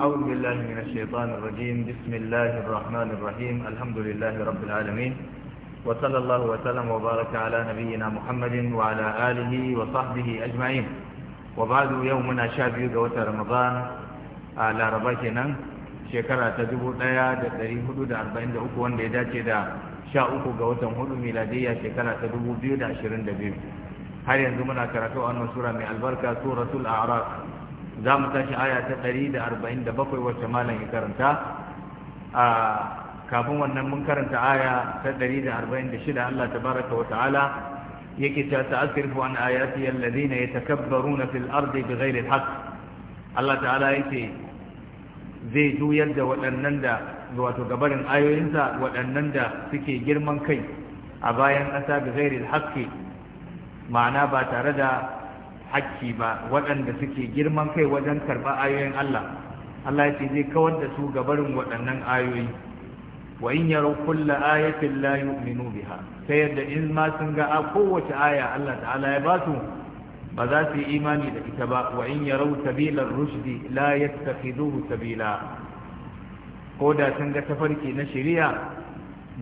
أعوذ بالله من الشيطان الرجيم بسم الله الرحمن الرحيم الحمد لله رب العالمين وصلى الله وسلم وبارك على نبينا محمد وعلى آله وصحبه أجمعين وبعد يومنا شابي قوة رمضان على ربكنا شكرا تدبو ليا دري حدود أربعين دعوك وان ليداتي دا شاء أكو قوة هدو ميلادية شكرا تدبو بيو دا عشرين دبيو هل ينزمنا كراتو أن سورة من البركة سورة الأعراف za mu tashi aya ta 147 wacce malam ya karanta a kafin wannan mun karanta aya ta 146 Allah tabaraka wa ta'ala yake ta ta'asrifu an ayati alladhina yatakabbaruna fil ardi bighairi alhaq Allah ta'ala yake zai juyar da waɗannan da wato gabarin ayoyinsa waɗannan da suke girman kai a bayan ƙasa bighairi alhaq ma'ana ba tare da hakki ba waɗanda suke girman kai wajen karba ayoyin Allah Allah ce zai kawar da su gabarin waɗannan ayoyi wa in yaro kulla ayatin la yu'minu biha sai yadda in ma sun ga a kowace aya Allah ta'ala ya ba su ba za su yi imani da ita ba wa in yaro sabilar rushdi la yattakhiduhu sabila ko da sun ga tafarki na shari'a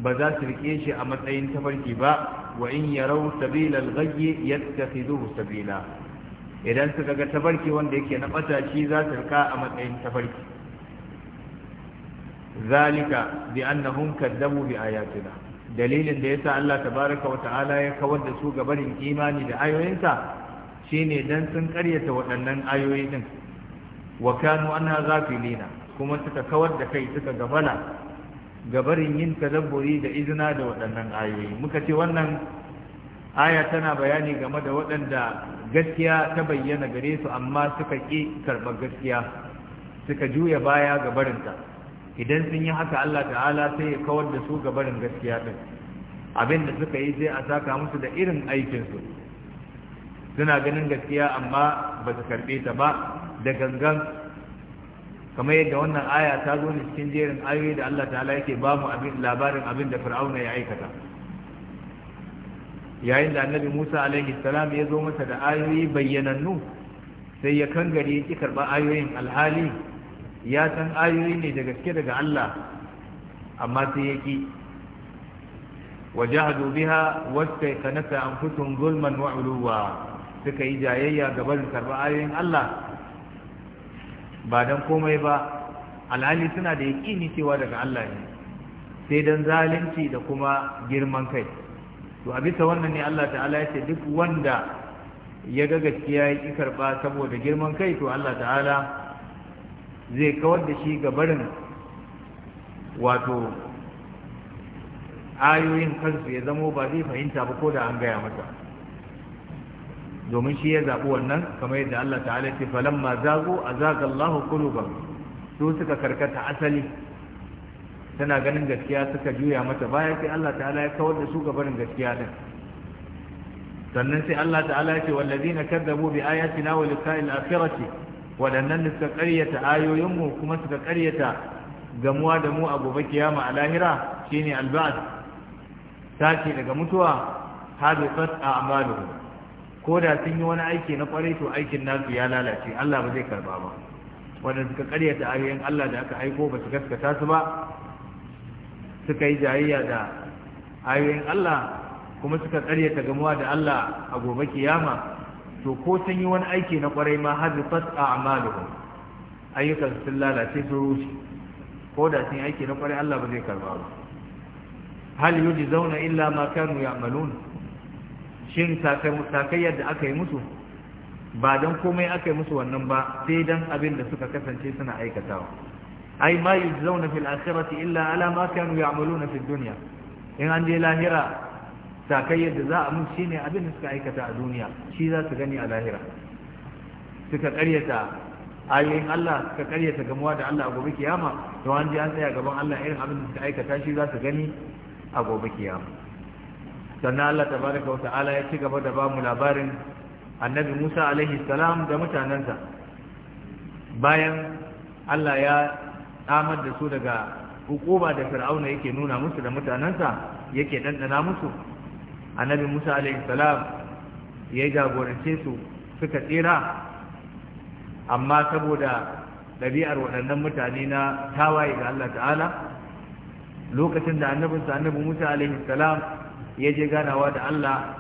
ba za su rike shi a matsayin tafarki ba wa in yaro sabilar ghayyi yattakhiduhu sabila idan suka ga tafarki wanda yake na ɓataci za su rika a matsayin tafarki zalika bi annahum kadzabu bi ayatina dalilin da yasa Allah tabaraka wa ta'ala ya kawar da su ga barin imani da ayoyinsa shine dan sun karyata waɗannan ayoyi din wa kanu anha ghafilina kuma suka kawar da kai suka gabala gabarin yin tadabburi da izina da waɗannan ayoyi muka ce wannan aya tana bayani game da waɗanda gaskiya ta bayyana gare su amma suka ƙi karɓar gaskiya suka juya baya ga barinta idan sun yi haka Allah ta'ala sai ya kawar da su ga barin gaskiya ɗin abin suka yi zai a saka musu da irin aikinsu suna ganin gaskiya amma ba su karɓe ta ba da gangan kamar yadda wannan aya ta zo ne cikin jerin ayoyi da Allah ta'ala yake ba mu labarin abin da fir'auna ya aikata yayin da annabi musa alaihi salam ya zo masa da ayoyi bayyanannu sai ya kangare ya ki karba ayoyin alhali ya san ayoyi ne da gaske daga allah amma sai ya ki wajahadu biha wasta kanata an fitun zulman wa uluwa suka yi jayayya gaban karba ayoyin allah ba dan komai ba alhali suna da yaƙini cewa daga allah ne sai dan zalunci da kuma girman kai to a bisa wannan ne Allah ta'ala ya ce duk wanda ya ga gaskiya ya ƙi karba saboda girman kai to Allah ta'ala zai kawar da shi ga barin wato ayoyin kansu ya zamo ba zai fahimta ba ko da an gaya masa domin shi ya zaɓi wannan kamar yadda Allah ta'ala ce falamma zago a zagallahu Allahu qulubahum su suka karkata asali tana ganin gaskiya suka juya mata baya sai Allah ta'ala ya kawar da su gabarin gaskiya din sannan sai Allah ta'ala ya ce wallazina kadzabu bi ayatina wa liqa'il akhirati wadannan da suka karyata ayoyin mu kuma suka karyata gamuwa da mu a gobe kiyama a lahira shine alba'd tashi daga mutuwa a amalu ko da sun yi wani aiki na kwarai to aikin nasu ya lalace Allah ba zai karba ba Wadanda suka karyata ayoyin Allah da aka aiko ba su gaskata su ba suka yi jayayya da ayoyin Allah kuma suka karyata gamuwa da Allah a gobe kiyama to ko sun yi wani aiki na kwarai ma a amalu ayyukan sun lalace su rushe ko da sun yi aiki na kwarai Allah ba zai karba ba hal zauna illa ma kanu ya'malun shin sakayyar da aka yi musu ba don komai aka yi musu wannan ba sai don abin da suka kasance suna aikatawa ai ma yujzauna fil akhirati illa ala ma kanu ya'maluna fid dunya in an je lahira sakayyar da za a mun shine abin da suka aikata a duniya shi za su gani a lahira suka karyata ayoyin Allah suka karyata gamuwa da Allah a gobe kiyama to an je an tsaya gaban Allah irin abin da suka aikata shi za su gani a gobe kiyama sannan Allah ya ci gaba da bamu labarin annabi Musa alaihi da mutanensa bayan Allah ya tsamar da su daga hukuma da fir'auna yake nuna musu da mutanensa yake ɗanɗana musu annabi musa salam ya jagorance su suka tsira amma saboda ɗabi'ar waɗannan mutane na tawaye ga Allah ta'ala lokacin da annabinsa annabi musa salam ya je ganawa da Allah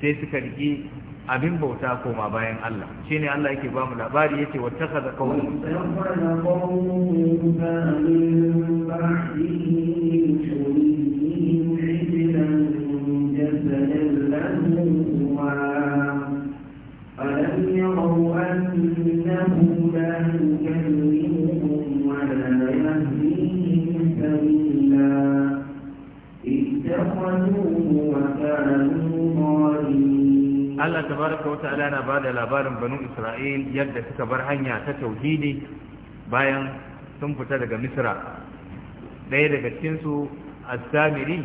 sai suka riƙi abin bauta koma bayan Allah shine Allah yake ba mu labari yake wattakhadha qawmun ألم وكانوا Allah tabaraka wata wata na ba da labarin banu Isra'il yadda suka bar hanya ta tauhidi bayan sun fita daga Misra ɗaya daga cikin su As-Samiri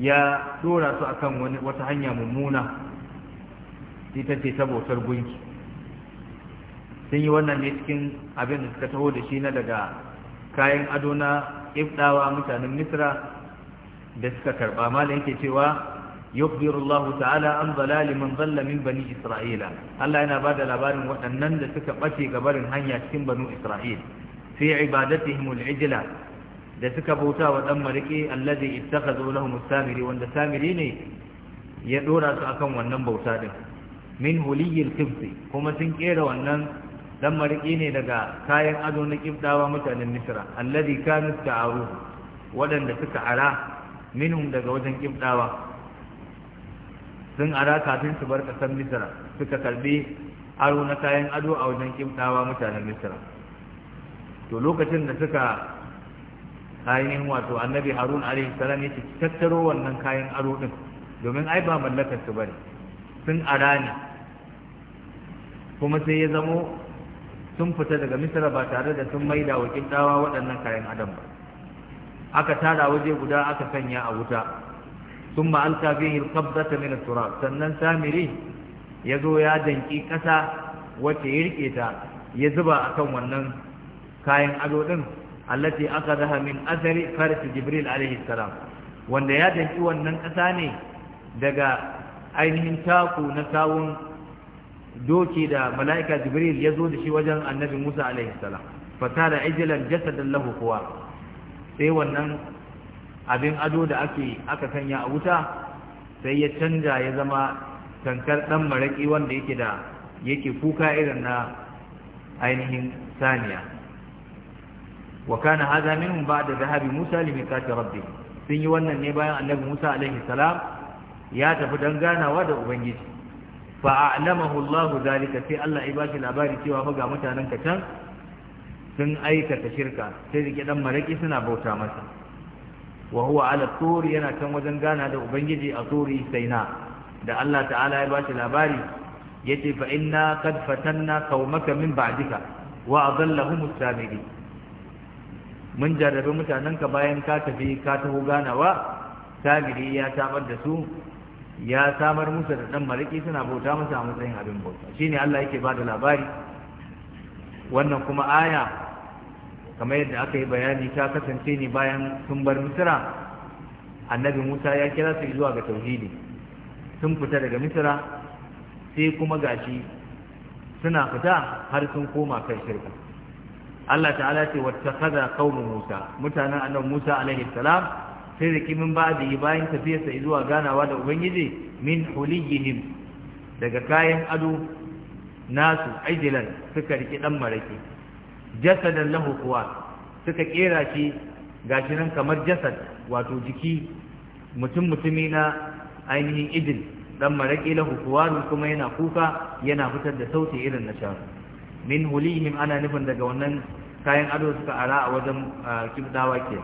ya dora su akan wani wata hanya mummuna ita ce ta bautar gunki sun yi wannan ne cikin abin da suka taho da shi na daga kayan ado na ifdawa mutanen Misra da suka karba malam yake cewa yubbir Allah ta'ala an zalali man zalla bani Isra'ila Allah yana bada labarin waɗannan da suka bace gabarin hanya cikin banu Isra'il fi ibadatihim al-ijla da suka bauta wa dan mariki alladhi ittakhadhu lahum samiri wanda samiri ne ya dora su akan wannan bauta din min huliyyi al kuma sun kera wannan ɗan mariki ne daga kayan ado na kibdawa mutanen Misra alladhi da ta'aruhu waɗanda suka ara minhum daga wajen kibdawa sun ara kafin su bar kasar misra suka karbi aro na kayan ado a wajen kimtawa mutanen Misira, to lokacin da suka kayan wato annabi harun alaihi salam ya tattaro wannan kayan aro din domin ai ba mallakar su bane sun ara ne kuma sai ya zamo sun fita daga misra ba tare da sun maida wa kimtawa waɗannan kayan adam ba aka tara waje guda aka sanya a wuta ثم ألقى به القبضة من التراب سنن سامري يزو يا دنكي كسا وتيركيتا يزبا أكون ونن كاين أدودن التي أخذها من أثر فرس جبريل عليه السلام وأن يا دنكي ونن كساني دقا ainihin taku na kawun doki da mala'ika jibril ya zo da shi wajen annabi musa alaihissalam fata da ajilan jasadin lahu kuwa sai wannan abin ado da ake aka sanya a wuta sai ya canja ya zama tankar ɗan maraƙi wanda yake da yake kuka irin na ainihin saniya wa kana hadha minhum ba'da dhahabi Musa li miqati rabbi sun yi wannan ne bayan annabi Musa alaihi salam ya tafi dan ganawa da ubangiji fa a'lamahu Allah dalika sai Allah ya bashi labari cewa fa ga mutanen ka can sun aikata shirka sai rike dan maraƙi suna bauta masa wa huwa ala turi yana kan wajen gana da ubangiji a turi saina da Allah ta'ala ya bashi labari yace fa inna qad fatanna qaumaka min ba'dika wa adallahum as sabiqin mun jarrabe mutanenka bayan ka tafi ka taho ganawa sabiri ya tabar da su ya samar musu da dan mariki suna bauta masa a matsayin abin bauta shine Allah yake bada labari wannan kuma aya kamar yadda aka yi bayani ta kasance ne bayan sun bar misira annabi musa ya kira su zuwa ga tauhidi sun fita daga misira sai kuma gashi suna fita har sun koma kan shirka Allah ta'ala ce wata wattakaza kaunin Musa mutanen annan Musa alaihi salam sai da kimin yi bayan tafiyarsa zuwa ganawa da ubangiji min huliyihim daga kayan ado nasu ajilan suka riki dan maraki jasadan lahu kuwa suka kera shi gashi nan kamar jasad wato jiki mutum mutumi na ainihin idin. dan maraki lahu kuwa kuma yana kuka yana fitar da sauti irin na shanu min hulihim ana nufin daga wannan kayan ado suka ara a wajen kibdawa ke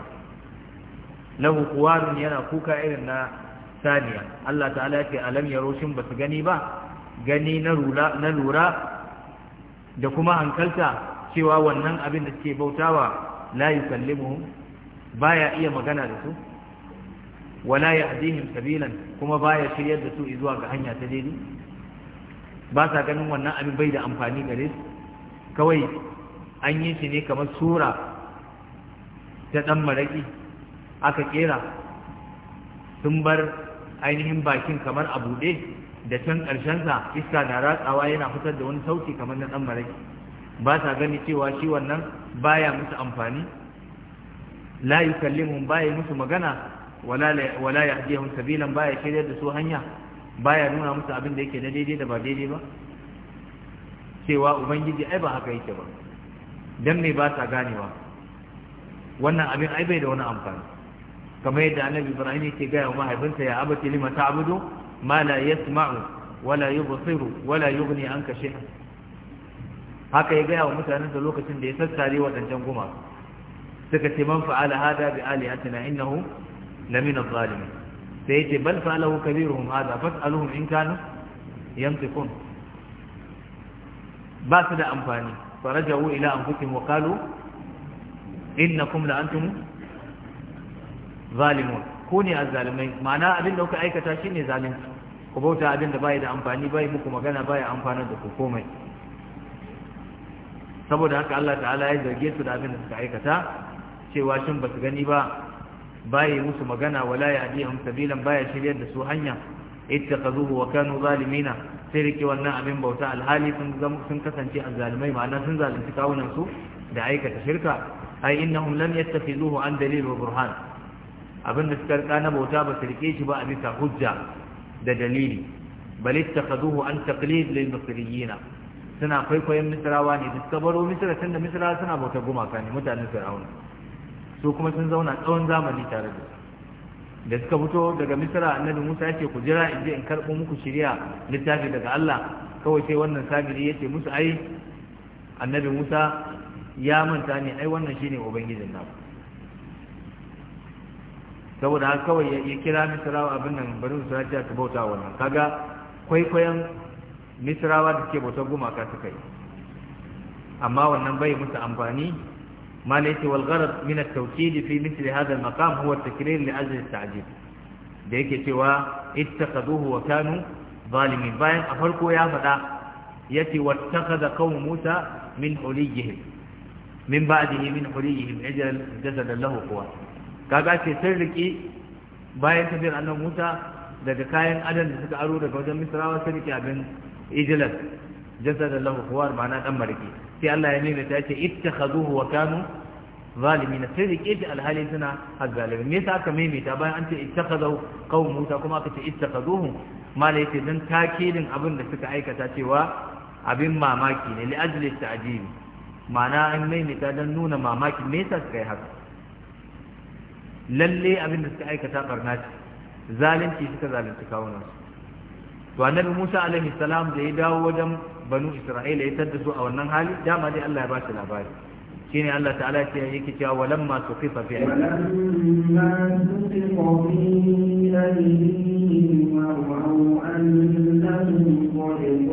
lahu kuwa yana kuka irin na saniya Allah ta'ala ya ce alam yaro shin su gani ba gani na lura da kuma hankalta cewa wannan abin da suke bautawa la yukallimuhum baya iya magana da su wala yahdihim sabilan kuma baya shiryar da su zuwa ga hanya ta daidai ba sa ganin wannan abin bai da amfani gare su kawai an yi shi ne kamar sura ta dan maraki aka ƙera sun bar ainihin bakin kamar a buɗe da can ƙarshen sa, iska na ratsawa yana fitar da wani sauti kamar na ɗan maraki ba sa gani cewa shi wannan baya musu amfani la yukallimuhum baya musu magana wala wala yahdihum sabilan baya shirya da su hanya baya nuna musu abin da yake na daidai da ba daidai ba cewa ubangiji ai ba haka yake ba dan me ba sa ganewa wannan abin ai bai da wani amfani kamar yadda annabi ibrahim yake gaya wa mahaifinsa ya abati lima ta'budu ma la yasma'u wala yubsiru wala yughni anka shay'an haka ya gaya wa mutanen da lokacin da ya sassare waɗancan gumaka suka ce man fa'ala hada bi alihatina innahu min adh-dhalimin sai yace bal fa'alahu kabiruhum hada fas'aluhum in kanu yamtikun ba su da amfani faraja'u ila anfusihim wa qalu innakum la antum zalimun ku ne azzalimai ma'ana abin da kuka aikata shine zalimci ku bauta abin da bai da amfani bai muku magana bai amfanar da ku komai saboda haka Allah ta'ala ya zarge su da abin da suka aikata cewa shin ba su gani ba baya musu magana wala ya adihum sabilan baya shiryar da su hanya ittakhadhuhu wa kanu zalimina sai rike wannan abin bauta alhali sun kasance kasance azzalimai ma'ana sun zalunci kawunan su da aikata shirka ai innahum lam yattakhizuhu an dalil wa burhan abin da suka rika na bauta ba su rike shi ba a bisa hujja da dalili bal ittakhadhuhu an taqlid lil musriyina suna kwaikwayon misirawa ne duk baro misira tunda misira suna bauta gumaka ne mutanen fir'auna su kuma sun zauna tsawon zamani tare da su da suka fito daga misira annabi musa ya ce ku jira in je in karɓo muku shirya littafi daga allah kawai sai wannan sabiri ya ce musu ai annabi musa ya manta ne ai wannan shine ubangijin na saboda haka kawai ya kira misirawa abin nan bari su ta bauta wannan kaga kwaikwayon misrawa da suke bautar gumaka suka yi amma wannan bai musu amfani ma la yati wal gharad min at tawkid fi misli hadar al maqam huwa at takrir li ajli al ta'jib da yake cewa ittakhaduhu wa kanu zalimin bayan a farko ya faɗa yace wattakhadha qaum musa min huliyihim min ba'dihi min huliyihim ajal jasadan lahu quwa kaga ce sun riki bayan tafiyar annabi musa daga kayan adam da suka aro daga wajen misrawa sun riki abin ijlas jasad lahu khuwar ma'ana dan marke sai Allah ya nuna ta ce ittakhaduhu wa kanu zalimin sai da shi alhali suna azzalimi me yasa aka maimaita bayan an ce ittakhadahu qaum ta kuma aka ce ittakhaduhu mala yace dan takidin abin da suka aikata cewa abin mamaki ne li ajli ta'jibi ma'ana an maimaita dan nuna mamaki me yasa suka yi haka lalle abin da suka aikata barna ce zalunci suka zalunci kawunansu to annabi Musa alaihi salam da ya dawo wajen banu Isra'ila ya tada su a wannan hali dama dai Allah ya ba shi labari shine Allah ta'ala ya ce yake cewa walamma suqifa fi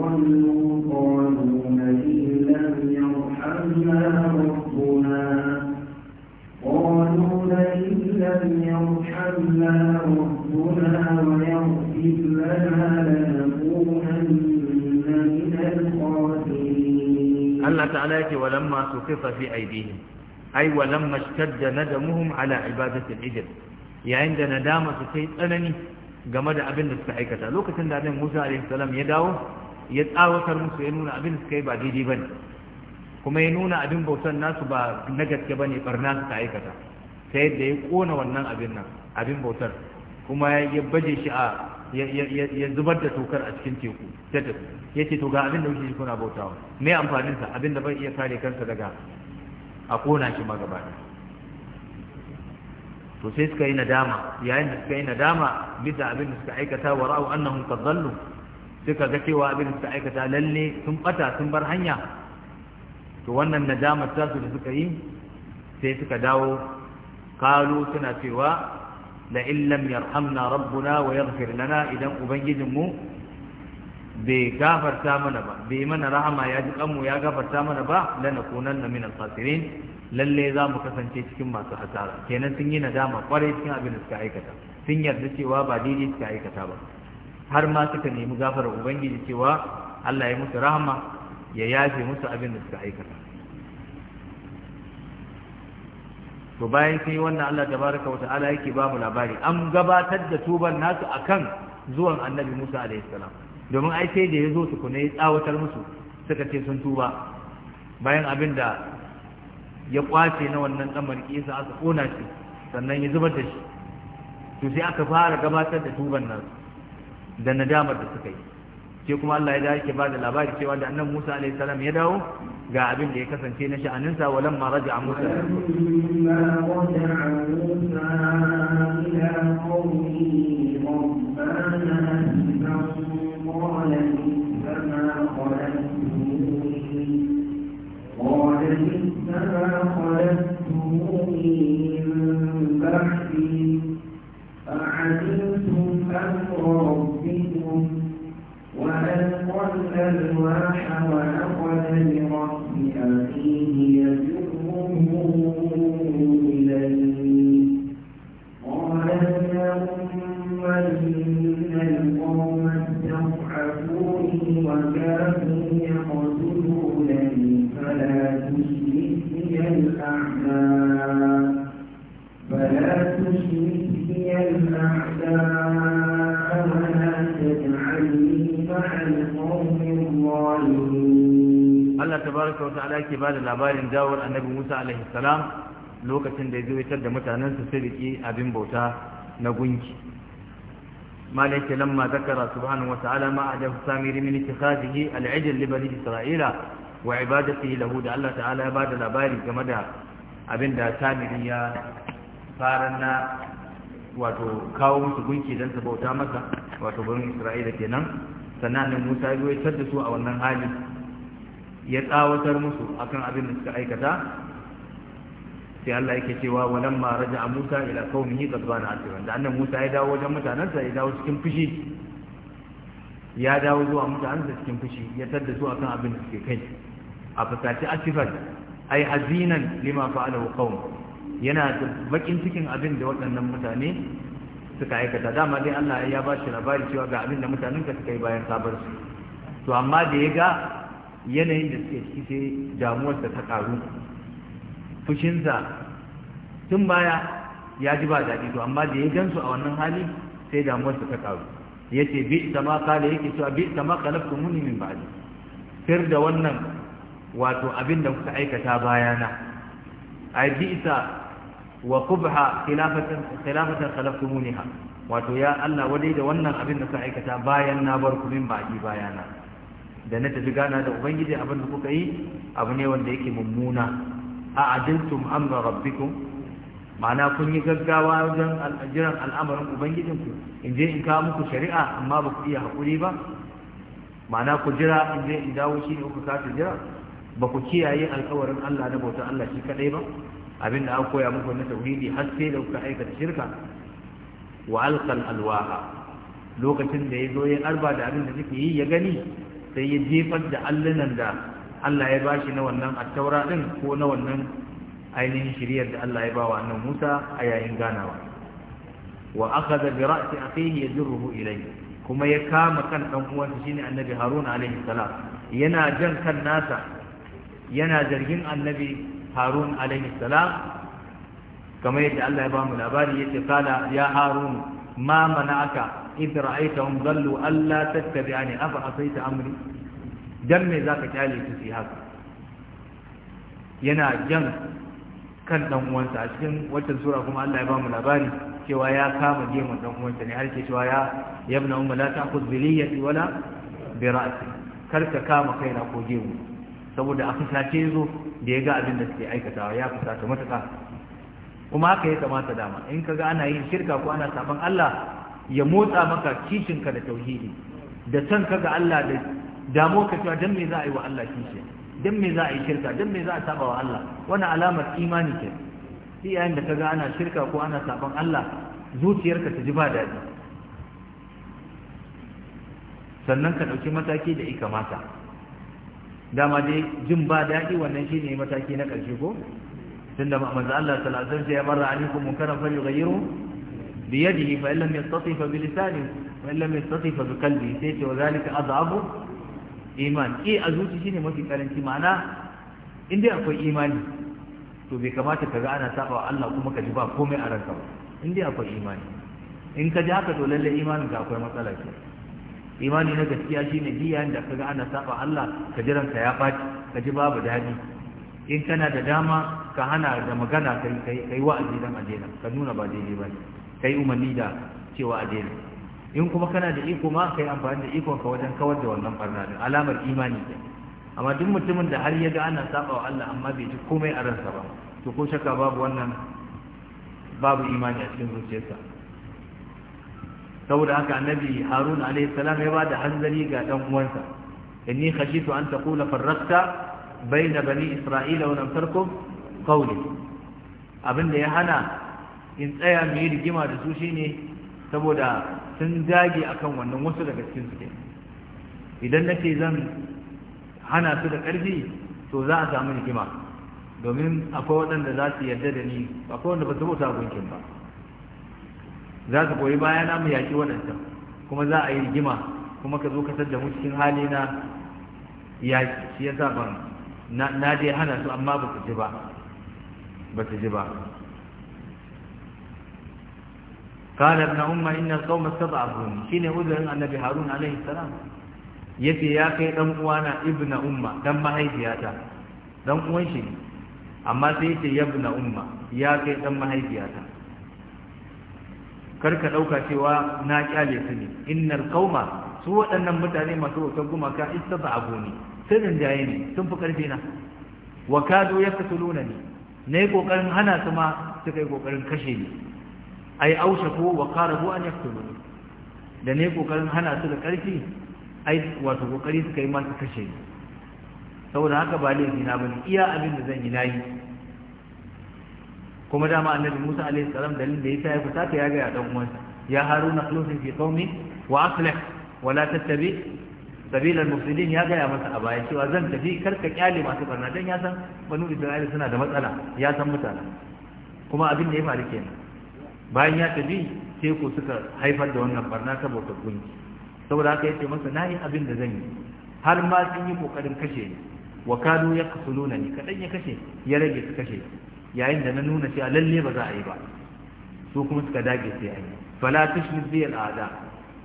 aydihim ta'ala yake walamma su kifa fi aidihim ai walamma da nadamuhum ala ibadati al-ijl yayin da nadama su kai tsanani game da abin da suka aikata lokacin da annabi Musa alaihi salam ya dawo ya tsawatar musu ya nuna abin da suka yi ba daidai bane kuma ya nuna abin bautan nasu ba na gaske bane barna suka aikata ta da ya kona wannan abin nan abin bautar kuma ya baje shi a ya zubar da tokar a cikin teku ta tafi ya ce to ga abin da wuce kuna bautawa me amfaninsa abin da bai iya kare kansa daga a kona shi ma gaba to sai suka yi nadama yayin da suka yi nadama bisa abin da suka aikata wa ra'u annahum qad dhallu suka ga cewa abin da suka aikata lalle sun bata sun bar hanya to wannan nadamar su da suka yi sai suka dawo kalu suna cewa la'in lam yarhamna rabbuna wa yaghfir idan ubangijinmu bai gafarta mana ba bai mana rahama ya ji kanmu ya gafarta mana ba lanakunanna min al-khasirin lalle za mu kasance cikin masu hasara kenan sun yi nadama kwarai cikin abin da suka aikata sun yarda cewa ba daidai suka aikata ba har ma suka nemi gafarar ubangiji cewa Allah ya musu rahama ya yafe musu abin da suka aikata to bayan sai wannan Allah tabaraka wata'ala yake ba mu labari an gabatar da tuban nasu akan zuwan annabi Musa alayhi salam domin ai sai da ya zo tukuna ya tsawatar musu suka ce sun tuba bayan abin da ya kwace na wannan dan marki sa aka kona shi sannan ya zubar da shi to sai aka fara gabatar da tuban nasu da nadamar da suka yi sai kuma Allah ya dace ba da labari cewa da annabi Musa alaihi salam ya dawo ga abin da ya kasance na sha'aninsa walan ma raja Musa قال إنما خلقتموني من بعد الألواح وأخذ برأس أخيه يسير ake ba da labarin dawowar annabi musa alaihi salam lokacin da ya zuwitar da mutanen su siriki abin bauta na gunki malaka lamma zakara subhanahu wata'ala ma ajahu samir min ittikhadihi al li bani isra'ila wa ibadatihi lahu da Allah ta'ala ya bada labari game da abin da samiri ya fara na wato kawo musu gunki dan su bauta masa wato bani isra'ila kenan sannan musa ya zuwitar da su a wannan hali ya tsawatar musu akan abin da suka aikata sai Allah yake cewa walamma raja Musa ila qaumihi qadbana asiran da annan Musa ya dawo wajen mutanansa ya dawo cikin fushi ya dawo zuwa mutanansa cikin fushi ya tadda su akan abin da suke kai a fasati asifan ai azinan lima fa'alahu qaum yana bakin cikin abin da waɗannan mutane suka aikata dama dai Allah ya ba shi labari cewa ga abin da mutanen ka suka yi bayan sabar su to amma da ya ga yanayin da suke ciki sai damuwarsa ta karu fushinsa tun baya ya ji ba daɗi to amma da ya gansu a wannan hali sai damuwarsa ta karu ya ce bi ta ma kala yake cewa bi ta ma kalafta muni min ba'adi fir da wannan wato abin da kuka aikata bayana ai bi isa wa kubha khilafatan khilafatan khalaftumuniha wato ya Allah wadai da wannan abin da kuka aikata bayan na bar ku min ba'adi bayana da na tafi gana da ubangiji abin da kuka yi abu ne wanda yake mummuna a adiltum amra rabbikum ma'ana kun yi gaggawa wajen jiran al'amarin ku, in je in kawo muku shari'a amma ba ku iya haƙuri ba ma'ana ku jira in je in dawo shi ne kuka kasa jira ba ku kiyaye alkawarin Allah na bauta Allah shi kadai ba abin da aka koya muku na tauhidi har sai da kuka aikata shirka wa alqal alwaha lokacin da ya zo ya arba da abin da suke yi ya gani sai ya jefar da allunan da Allah ya bashi na wannan attaura din ko na wannan ainihin shiriyar da Allah ya ba wa annan Musa a yayin ganawa wa a kai ra'si akhihi ruhu ilai. kuma ya kama kan 'ɗan uwansa shine annabi Harun alaihi salam yana jan kan nasa yana zargin annabi Harun alaihi salam kamar yadda Allah ya ba mu labari yace kala ya Harun ma aka إذ رأيتهم afa asaita amri dan me zaka kyale su fi haka? yana jan kan dan uwansa a cikin wata sura kuma Allah ya ba mu labari cewa ya kama gemu dan uwansa ne har ke cewa ya yabna umma la ta'khudh bi liyati wala bi ra'si kar ka kama kaina ko gemu saboda a fusace zo da ya ga abin da suke aikatawa ya fusata matuƙa kuma haka ya kamata dama in kaga ana yin shirka ko ana saban Allah ya motsa maka kishinka da tauhidi da san ka ga Allah da damo ka cewa dan me za a yi wa Allah kishi dan me za a yi shirka dan me za a saba wa Allah wannan alamar imani ce shi yayin da kaga ana shirka ko ana saban Allah zuciyarka ta ji ba daɗi sannan ka ɗauki mataki da ika mata dama dai jin ba daɗi wannan shine mataki na ƙarshe ko tunda manzo Allah sallallahu alaihi wasallam ya barra alaikum munkaran falyughayyiru بيده فإن لم يستطع فبلسانه وإن لم يستطع فبقلبه سيتي وذلك أضعف إيمان إيه أزوتي شيني mafi karanci ma'ana in dai akwai imani to bai kamata ka ga ana saba Allah kuma ka ji ba komai a ranka ba in dai akwai imani in ka ji haka to lalle imanin ka akwai matsala ke imani na gaskiya shine biya da ka ga ana saba Allah ka ji ranka ya faci ka ji babu daɗi in kana da dama ka hana da magana kai kai wa'azi dan ajena ka nuna ba daidai ba ne kai umarni da cewa a daina in kuma kana da iko ma yi amfani da ikon ka wajen kawar da wannan barna din alamar imani ne. amma duk mutumin da har ya ga ana saba wa Allah amma bai ji komai a ransa ba to ko shakka babu wannan babu imani a cikin zuciyarsa saboda haka annabi harun alaihi salam ya da hanzari ga dan uwansa inni khashitu an taqula farraqta bayna bani isra'ila wa lam tarkum qawli abinda ya hana in tsaya mu yi rigima da su shine saboda sun dage akan wannan wasu daga cikin su idan nake zan hana su da ƙarfi to za a samu rigima domin akwai waɗanda za su yarda da ni akwai wanda ba su bauta gunkin ba za su koyi baya na mu yaƙi waɗancan kuma za a yi rigima kuma ka zo ka da mu cikin hali na yaƙi shi ban na dai hana su amma ba su ji ba ba su ji ba قال ابن أم إن القوم استضعفوني شين أذن النبي هارون عليه السلام yace ya kai dan uwana ibnu umma dan mahaifiyata dan uwan shi amma sai yace yabna umma ya kai dan mahaifiyata karka ɗauka cewa na kyale su ne innal qauma su waɗannan mutane masu wutar gumaka istada'abu ne sirrin jaye ne sun fi karfi na wa kadu yaqtuluna ni nayi kokarin hana su ma suka yi kokarin kashe ni ai aushaku wa qarabu an yaktulu da ne kokarin hana su da karfi ai wato kokari suka yi ma su kashe ni saboda haka ba ne na bane iya abin da zan yi nayi kuma dama annabi Musa alaihi salam dalilin da yasa ya fita ta ya ga dan uwansa ya haruna khulusin fi qaumi wa aslih wa la tattabi al mufsidin ya gaya masa a baya cewa zan tafi karka kyale masu barna dan ya san banu isra'ila suna da matsala ya san mutane kuma abin da ya faru kenan bayan ya tafi teku suka haifar da wannan barna saboda gunki saboda haka yace masa nayi abin da zan yi har ma sun yi kokarin kashe ni wa kanu yaqtuluna ni kadan ya kashe ya rage su kashe yayin da na nuna cewa lalle ba za a yi ba su kuma suka dage sai an yi fala tushmit bi al'ada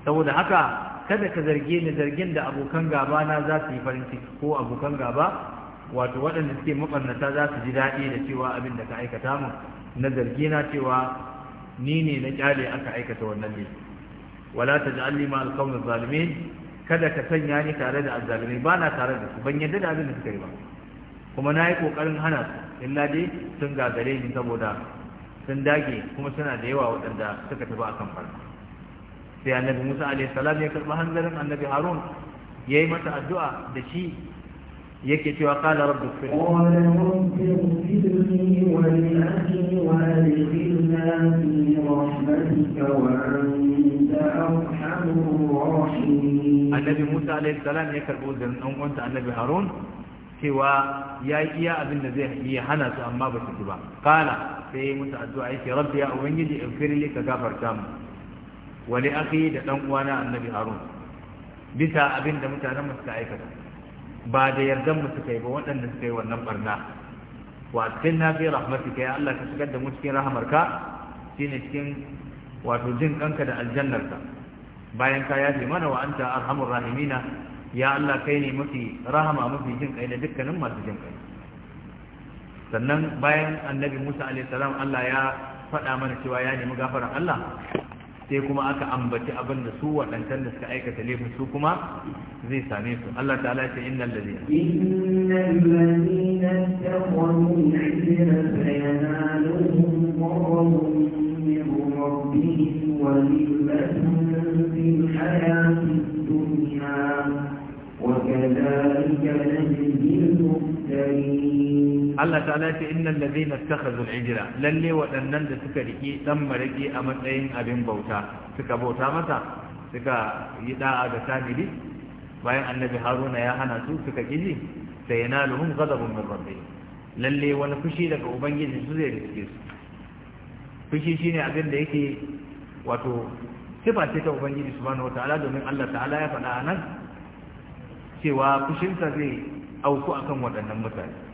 saboda haka kada ka zarge ni zargin da abokan gaba na za su yi farin ciki ko abokan gaba wato waɗanda suke mabarnata za su ji daɗi da cewa abin da ka aikata mu na zargi cewa ni ne na kyale aka aikata wannan ne. wala ta ji ma al-qawmi zalimin kada ka sanya ni tare da azzalimi ba na tare da su ban yadda da abin da suka yi ba kuma na yi kokarin hana su illa dai sun gagare ni saboda sun dage kuma suna da yawa waɗanda suka tafi akan farko sai annabi Musa alaihi salam ya karɓi hanzarin annabi Harun ya yi mata addu'a da shi yake cewa kala rabbi fir annabi musa alaihi salam ya karbo zanen dan uwanta annabi harun cewa ya yi iya abin da zai iya hana su amma ba su ci ba kala sai ya musu addu'a yake rabbi ya ubangiji in ka gafarta mu wani akhi da dan uwana annabi harun bisa abin da mutanen suka aikata ba da yardan mu suka yi ba waɗanda suka yi wannan barna wa cikin na bi rahmatika ya Allah ka shigar da mu cikin rahamarka shine cikin wato jin kanka da aljannarka bayan ka yafe mana wa anta arhamur rahimina ya Allah kai ne mafi rahama mafi jin kai da dukkanin masu jin kai sannan bayan annabi Musa alaihi salam Allah ya faɗa mana cewa ya nemi gafaran Allah sai kuma aka ambaci abin da su waɗancan da suka aikata laifin su kuma zai same su Allah ta'ala ce innal ladina innal ladina tawallu hijra sayanaluhum qawlun min rabbihim wa lillatun fil hayati dunya wa kadhalika najzi al-muhtarin Allah ta'ala ce innal ladhina ittakhadhu al-ijra lalle waɗannan da suka riƙe dan maraki a matsayin abin bauta suka bauta masa suka yi ɗa'a da tamili bayan annabi haruna ya hana su suka kiji sai luhun ghadabun min rabbih lalle wani fushi daga ubangiji su zai riƙe su fushi shine abin da yake wato sifa ce ta ubangiji subhanahu wataala domin Allah ta'ala ya faɗa anan cewa fushinsa zai auku akan waɗannan mutane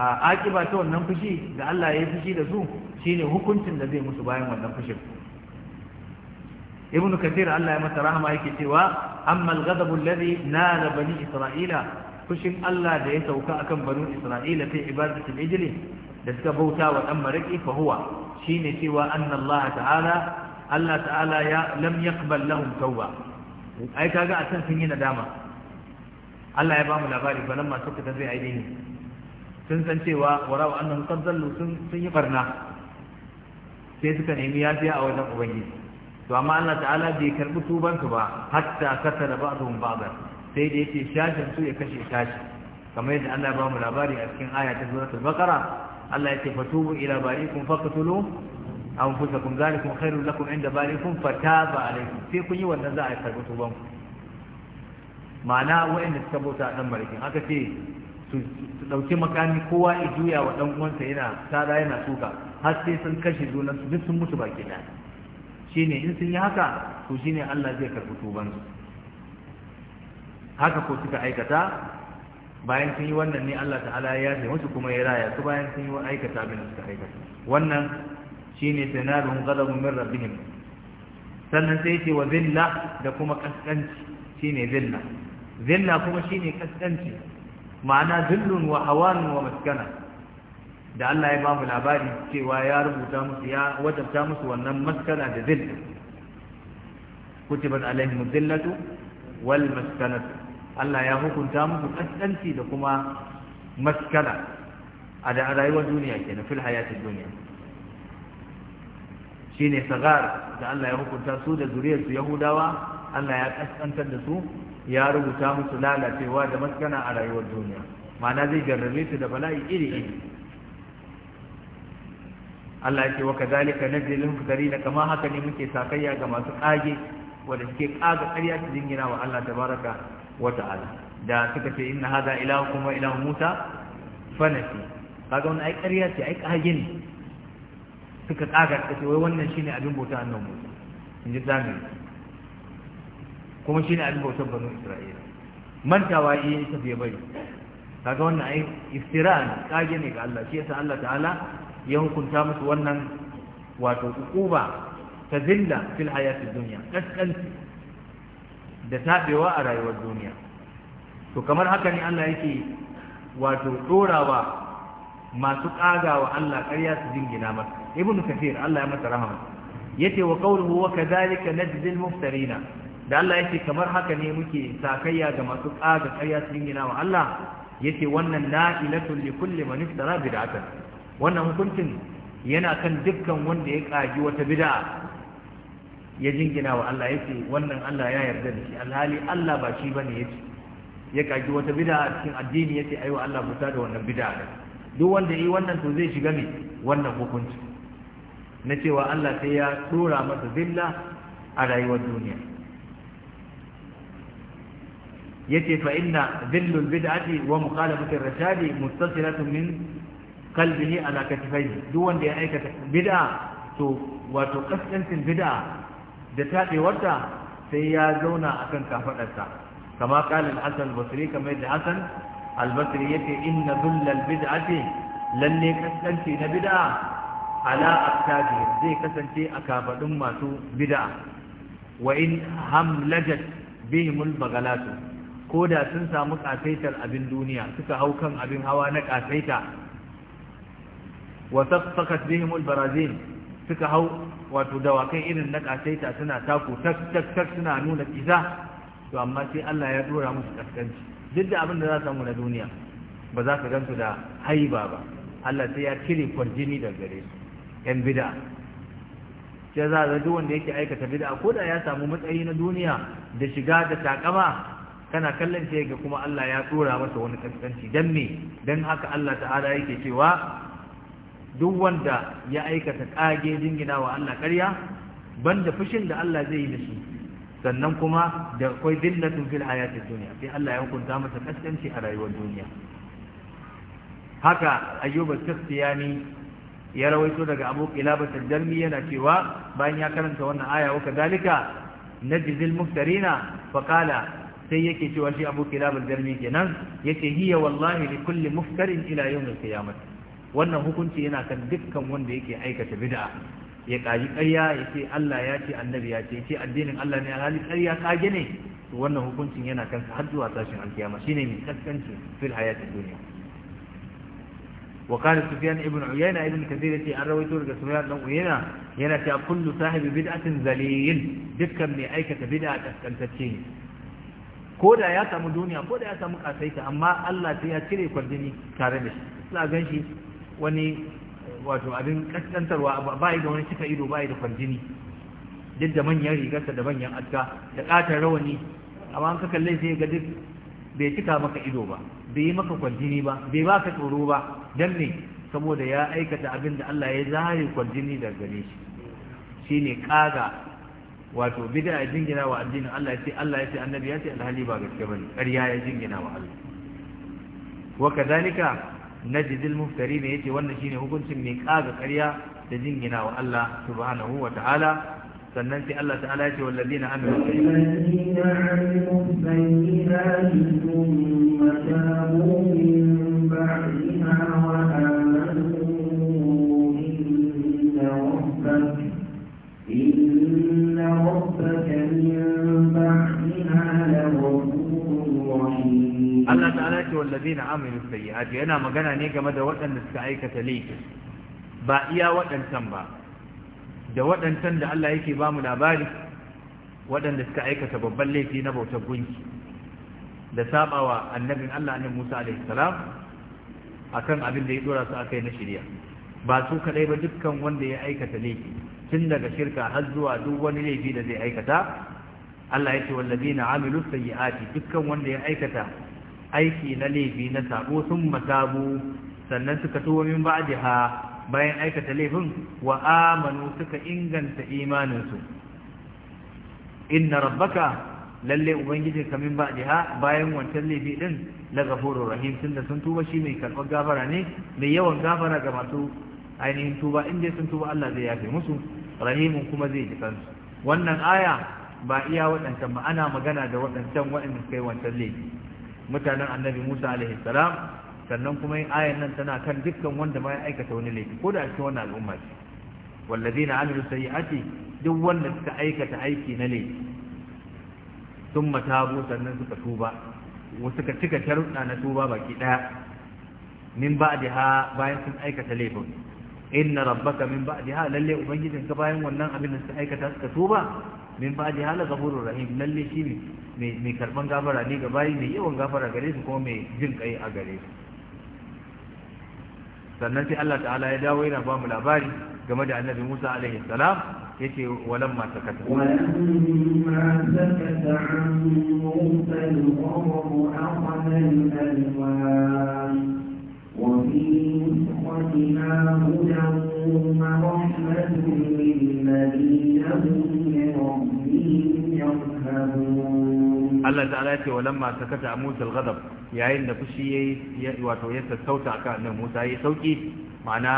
a akiba ta wannan fushi da Allah ya yi fushi da su shine hukuncin da zai musu bayan wannan fushin ibnu kathir Allah ya masa rahama yake cewa amma al-ghadab alladhi nala bani isra'ila fushin Allah da ya sauka akan bani isra'ila fi ibadatul ijli da suka bauta wa dan mariki fa huwa shine cewa anna Allah ta'ala Allah ta'ala ya lam yaqbal lahum tawba ai kaga a san sun yi nadama Allah ya ba mu labari balan ma suka ta zai aidini sun san cewa warau annahu qad zallu sun yi barna sai suka nemi yafiya a wajen ubangiji to amma Allah ta'ala bai karbi tuban su ba hatta kasara ba'dhum ba'd sai da yace shashin su ya kashe shashi kamar yadda Allah ya ba mu labari a cikin aya ta suratul baqara Allah yake fatubu ila barikum faqtulu anfusakum zalikum khairul lakum inda barikum fataba alaykum sai kun yi wannan za a karbi tuban ma'ana wa'anda suka bauta dan marikin haka ce su ɗauki makami kowa ya juya wa ɗan uwansa yana tsada yana tuka har sai sun kashe juna su duk sun mutu baki ɗaya shine in sun yi haka to shine Allah zai karɓi tuban su haka ko suka aikata bayan sun yi wannan ne Allah ta'ala ya yafe musu kuma ya raya su bayan sun yi aikata abin da suka aikata wannan shine sanarun ghadabun min rabbihim sannan sai ce wa zilla da kuma kaskanci shine zilla zilla kuma shine kaskanci ma'ana dillun wa hawan wa maskana da Allah ya ba mu labari cewa ya rubuta musu ya wajabta musu wannan maskana da dill kutibat alaihim dillatu wal maskanatu Allah ya hukunta musu kaskanci da kuma maskana a da rayuwar duniya kenan fil hayatid duniya shine sagar da Allah ya hukunta su da zuriyar su yahudawa Allah ya kaskantar da su ya rubuta musu lalacewa da maskana a rayuwar duniya ma'ana zai jarrabe su da bala'i iri iri Allah ya ce wa kazalika najzil na kama haka ne muke sakayya ga masu kage wanda suke kaga ƙarya su jingina wa Allah tabaraka wa ta'ala da suka ce inna hada ilahukum wa ilahu Musa fanasi kaga wannan ai ƙarya ce ai kage ne suka kaga ce wai wannan shine abin bauta annabi Musa in ji zamani kuma shine abin bautar banu isra'ila mantawa yi ita bai bari kaga wannan ai iftira'an kage ne ga Allah shi yasa Allah ta'ala ya hukunta musu wannan wato ukuba ta zilla fil hayati dunya kaskanci da tabewa a rayuwar duniya to kamar haka ne Allah yake wato dorawa masu kagawa Allah ƙarya su jingina masa ibnu kafir Allah ya masa rahama yace wa qawluhu wa kadhalika najzil muftarina da Allah yake kamar haka ne muke sakayya ga masu ƙaga ƙarya su gina wa Allah yace wannan na'ilatul li kulli man iftara bid'atan wannan hukuncin yana kan dukkan wanda ya ƙagi wata bid'a ya jingina wa Allah yace wannan Allah ya yarda da shi alhali Allah ba shi bane yace ya ƙagi wata bid'a cikin addini yace ayo Allah buta da wannan bid'a duk wanda yi wannan to zai shiga me wannan hukunci na cewa Allah sai ya tura masa zilla a rayuwar duniya yace fa inna dhillul bid'ati wa mukhalafati ar-rashadi mustasilatun min qalbihi ala katifaihi duk wanda ya aikata bid'a to wato kaskancin bid'a da tabewarta sai ya zauna akan kafadarsa kama qala al-hasan al-basri kamar da hasan al-basri yace inna dhullal bid'ati lalle kaskanci na bid'a ala aktabi zai kasance a kafadun masu bid'a wa in hamlajat bihimul bagalatu ko da sun samu ƙasaitar abin duniya suka hau kan abin hawa na ƙasaita wata bihim al barazin suka hau wato dawakan irin na ƙasaita suna taku tak tak tak suna nuna kiza to amma sai Allah ya dora musu kaskanci duk da abin da za samu na duniya ba za ka gansu da haiba ba Allah sai ya cire kwarjini daga gare su yan bid'a sai za a duk wanda yake aikata bid'a ko da ya samu matsayi na duniya da shiga da takama kana kallon sai ga kuma Allah ya tsora masa wani kaskanci dan me dan haka Allah ta'ala yake cewa duk wanda ya aikata kage jingina wa Allah ƙarya banda fushin da Allah zai yi da shi sannan kuma da akwai dillatun fil hayatid dunya sai Allah ya hukunta masa kaskanci a rayuwar duniya haka ayyuba tafsiyani ya rawaito daga Abu kilaba yana cewa bayan ya karanta wannan aya wa kadalika najzil muftarina faqala sai yake cewa shi abu kilab al-jarmi kenan yace hiya wallahi li kulli muftarin ila yawm al-qiyamah wannan hukunci yana kan dukkan wanda yake aikata bid'a ya kaji ƙarya ya ce Allah ya ce annabi ya ce ce addinin Allah ne alhali ƙarya kage ne to wannan hukuncin yana kan har zuwa tashin alkiyama shine mai kaskanci fil hayati duniya وقال سفيان ابن عيينة ابن كثير يتي عن رويته لك سفيان ابن عيينة ينتع كل صاحب بدعة ذليل دكا من أيكة بدعة أسكنتتين ko da ya samu duniya ko da ya samu kasaita amma Allah sai ya cire kwaldini tare da shi suna gan shi wani eh, wato abin kaskantarwa ba yi da wani cika ido ba yi da kwaldini duk da manyan rigarsa da manyan aska da katar rawani amma an ka kalle sai ga duk bai cika maka ido ba bai yi maka kwaldini ba bai baka tsoro ba Don ne saboda ya aikata abin da Allah ya zare kwaldini daga gare shi shine kaga wato bid'a a jingina wa addinin Allah yace Allah yace annabi yace alhali ba gaske bane ƙarya ya jingina wa Allah wa kadalika najdil muftarin yace wannan shine hukuncin mai kaga ƙarya da jingina wa Allah subhanahu wa ta'ala sannan sai Allah ta'ala yace wallazina amanu wallazina amanu bayyinati thumma tabu min ba'diha wa amanu إن ربك من بعدها لغفور رحيم الله تعالى والذين عملوا السيئات yana magana ne game da waɗanda suka aikata laifi ba iya waɗancan ba da waɗancan da Allah yake ba mu labari waɗanda suka aikata babban laifi na bautar gunki da sabawa annabin Allah annabi Musa alaihi salam akan abin da ya dora su akai na shari'a ba su kadai ba dukkan wanda ya aikata laifi tun daga shirka har zuwa duk wani laifi da zai aikata Allah ya ce wallazina amilu sayyiati dukkan wanda ya aikata aiki na laifi na sabo sun matabu sannan suka tuwo min ba'daha bayan aikata laifin wa amanu suka inganta imaninsu inna rabbaka lalle ubangiji kamin ba'daha bayan wancan laifi din na ghafurur rahim tunda sun tuba shi mai karɓar gafara ne mai yawan gafara ga masu ainihin tuba inda sun tuba Allah zai yafe musu rahimun kuma zai ji kansu wannan aya ba iya waɗancan ba ana magana da waɗancan waɗanda suka yi wancan laifi mutanen annabi musa alaihi salam sannan kuma yin ayan nan tana kan dukkan wanda ma ya aikata wani laifi ko da cikin wannan al'umma ce wallazina amilu sayyi'ati duk wanda suka aikata aiki na laifi sun matabu sannan suka tuba suka cika sharuɗa na tuba baki ɗaya min ba da ha bayan sun aikata laifin inna rabbaka min ba'daha lalle ubangijin ka bayan wannan abin da suka aikata suka tuba min ba'daha la ghafurur rahim lalle shi ne mai karban gafara ne ga bayi mai yawan gafara gare su kuma mai jin kai a gare su sannan sai Allah ta'ala ya dawo yana ba mu labari game da annabi Musa alaihi salam yace walan ma sakata wa sakata an Musa al-qawm al-alwan allah ta'ala هدى ورحمة للذين هم لربهم يرهبون الله تعالى يقول yayin da fushi ya wato ya sassauta akan annabi Musa ya sauki ma'ana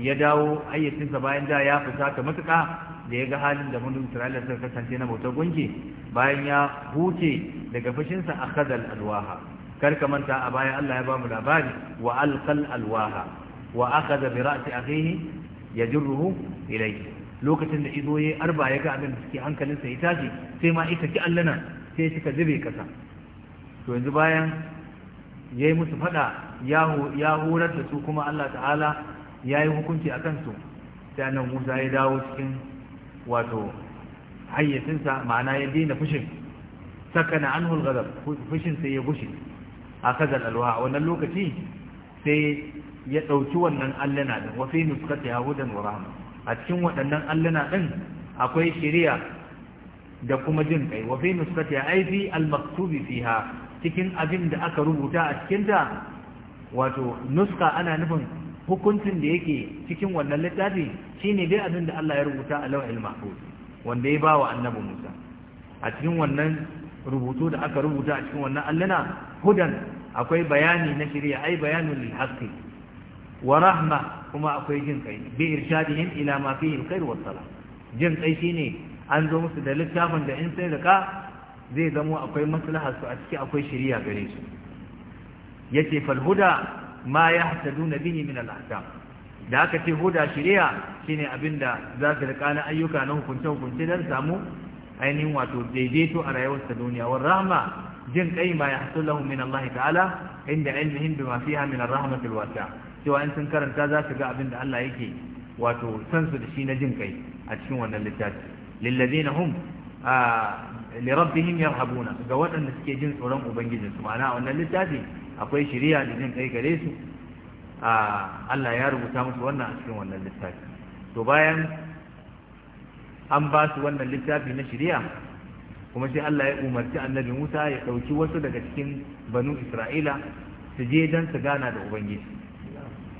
ya dawo ayyacinsa bayan da ya fita ta matuƙa da ya ga halin da manu Isra'ila suka kasance na bautar gunki bayan ya huce daga fushinsa akhadha al-alwaha kar ka manta a baya Allah ya bamu labari wa alqal alwaha wa akhadha bi ra'si akhihi yajruhu ilayhi lokacin da ido yayi arba ya ga abin da suke hankalinsa ya tashi sai ma ita ki allana sai suka zube kasa to yanzu bayan yayi musu fada ya horar da su kuma Allah ta'ala yayi hukunci akan su sai nan Musa ya dawo cikin wato hayyacinsa ma'ana ya daina fushin sakana anhu al-ghadab fushin sai ya gushi. A akaza alwa wannan lokaci sai ya ɗauki wannan allana din wa fi nuskati wa rahma a cikin waɗannan allana din akwai shari'a da kuma jin kai wa fi ya aifi al-maktubi fiha cikin abin da aka rubuta a cikin ta wato nuska ana nufin hukuncin da yake cikin wannan littafi shine dai abin da Allah ya rubuta a lawa mahfuz wanda ya ba wa annabi Musa a cikin wannan rubutu da aka rubuta a cikin wannan alluna hudan akwai bayani na shirya. ai bayanin lil wa rahma kuma akwai jin kai bi irshadihim ila ma fihi alkhair was salah jin kai shine an zo musu da littafin da in sai ka? zai zamo akwai maslahar su a ciki akwai shirya gare su yace fal huda ma yahtaduna bihi min al da aka ce huda shirya shine abinda za su rika na ayyuka na hukunce hukunce dan samu ainihin wato daidaito a rayuwarsa duniya wa rahma jin kai ma yahsul lahu min Allah ta'ala inda ilmihin bima fiha min ar wasia cewa in sun karanta za su ga abin da Allah yake wato san su da shi na jin kai a cikin wannan littafi lillazina hum li rabbihim yarhabuna ga waɗanda suke jin tsoron ubangijin su ma'ana wannan littafi akwai shari'a da jin kai gare su Allah ya rubuta musu wannan a cikin wannan littafi to bayan an ba su wannan littafi na shirya kuma sai Allah ya umarci annabi Musa ya ɗauki wasu daga cikin banu Isra'ila su je don su gana da Ubangiji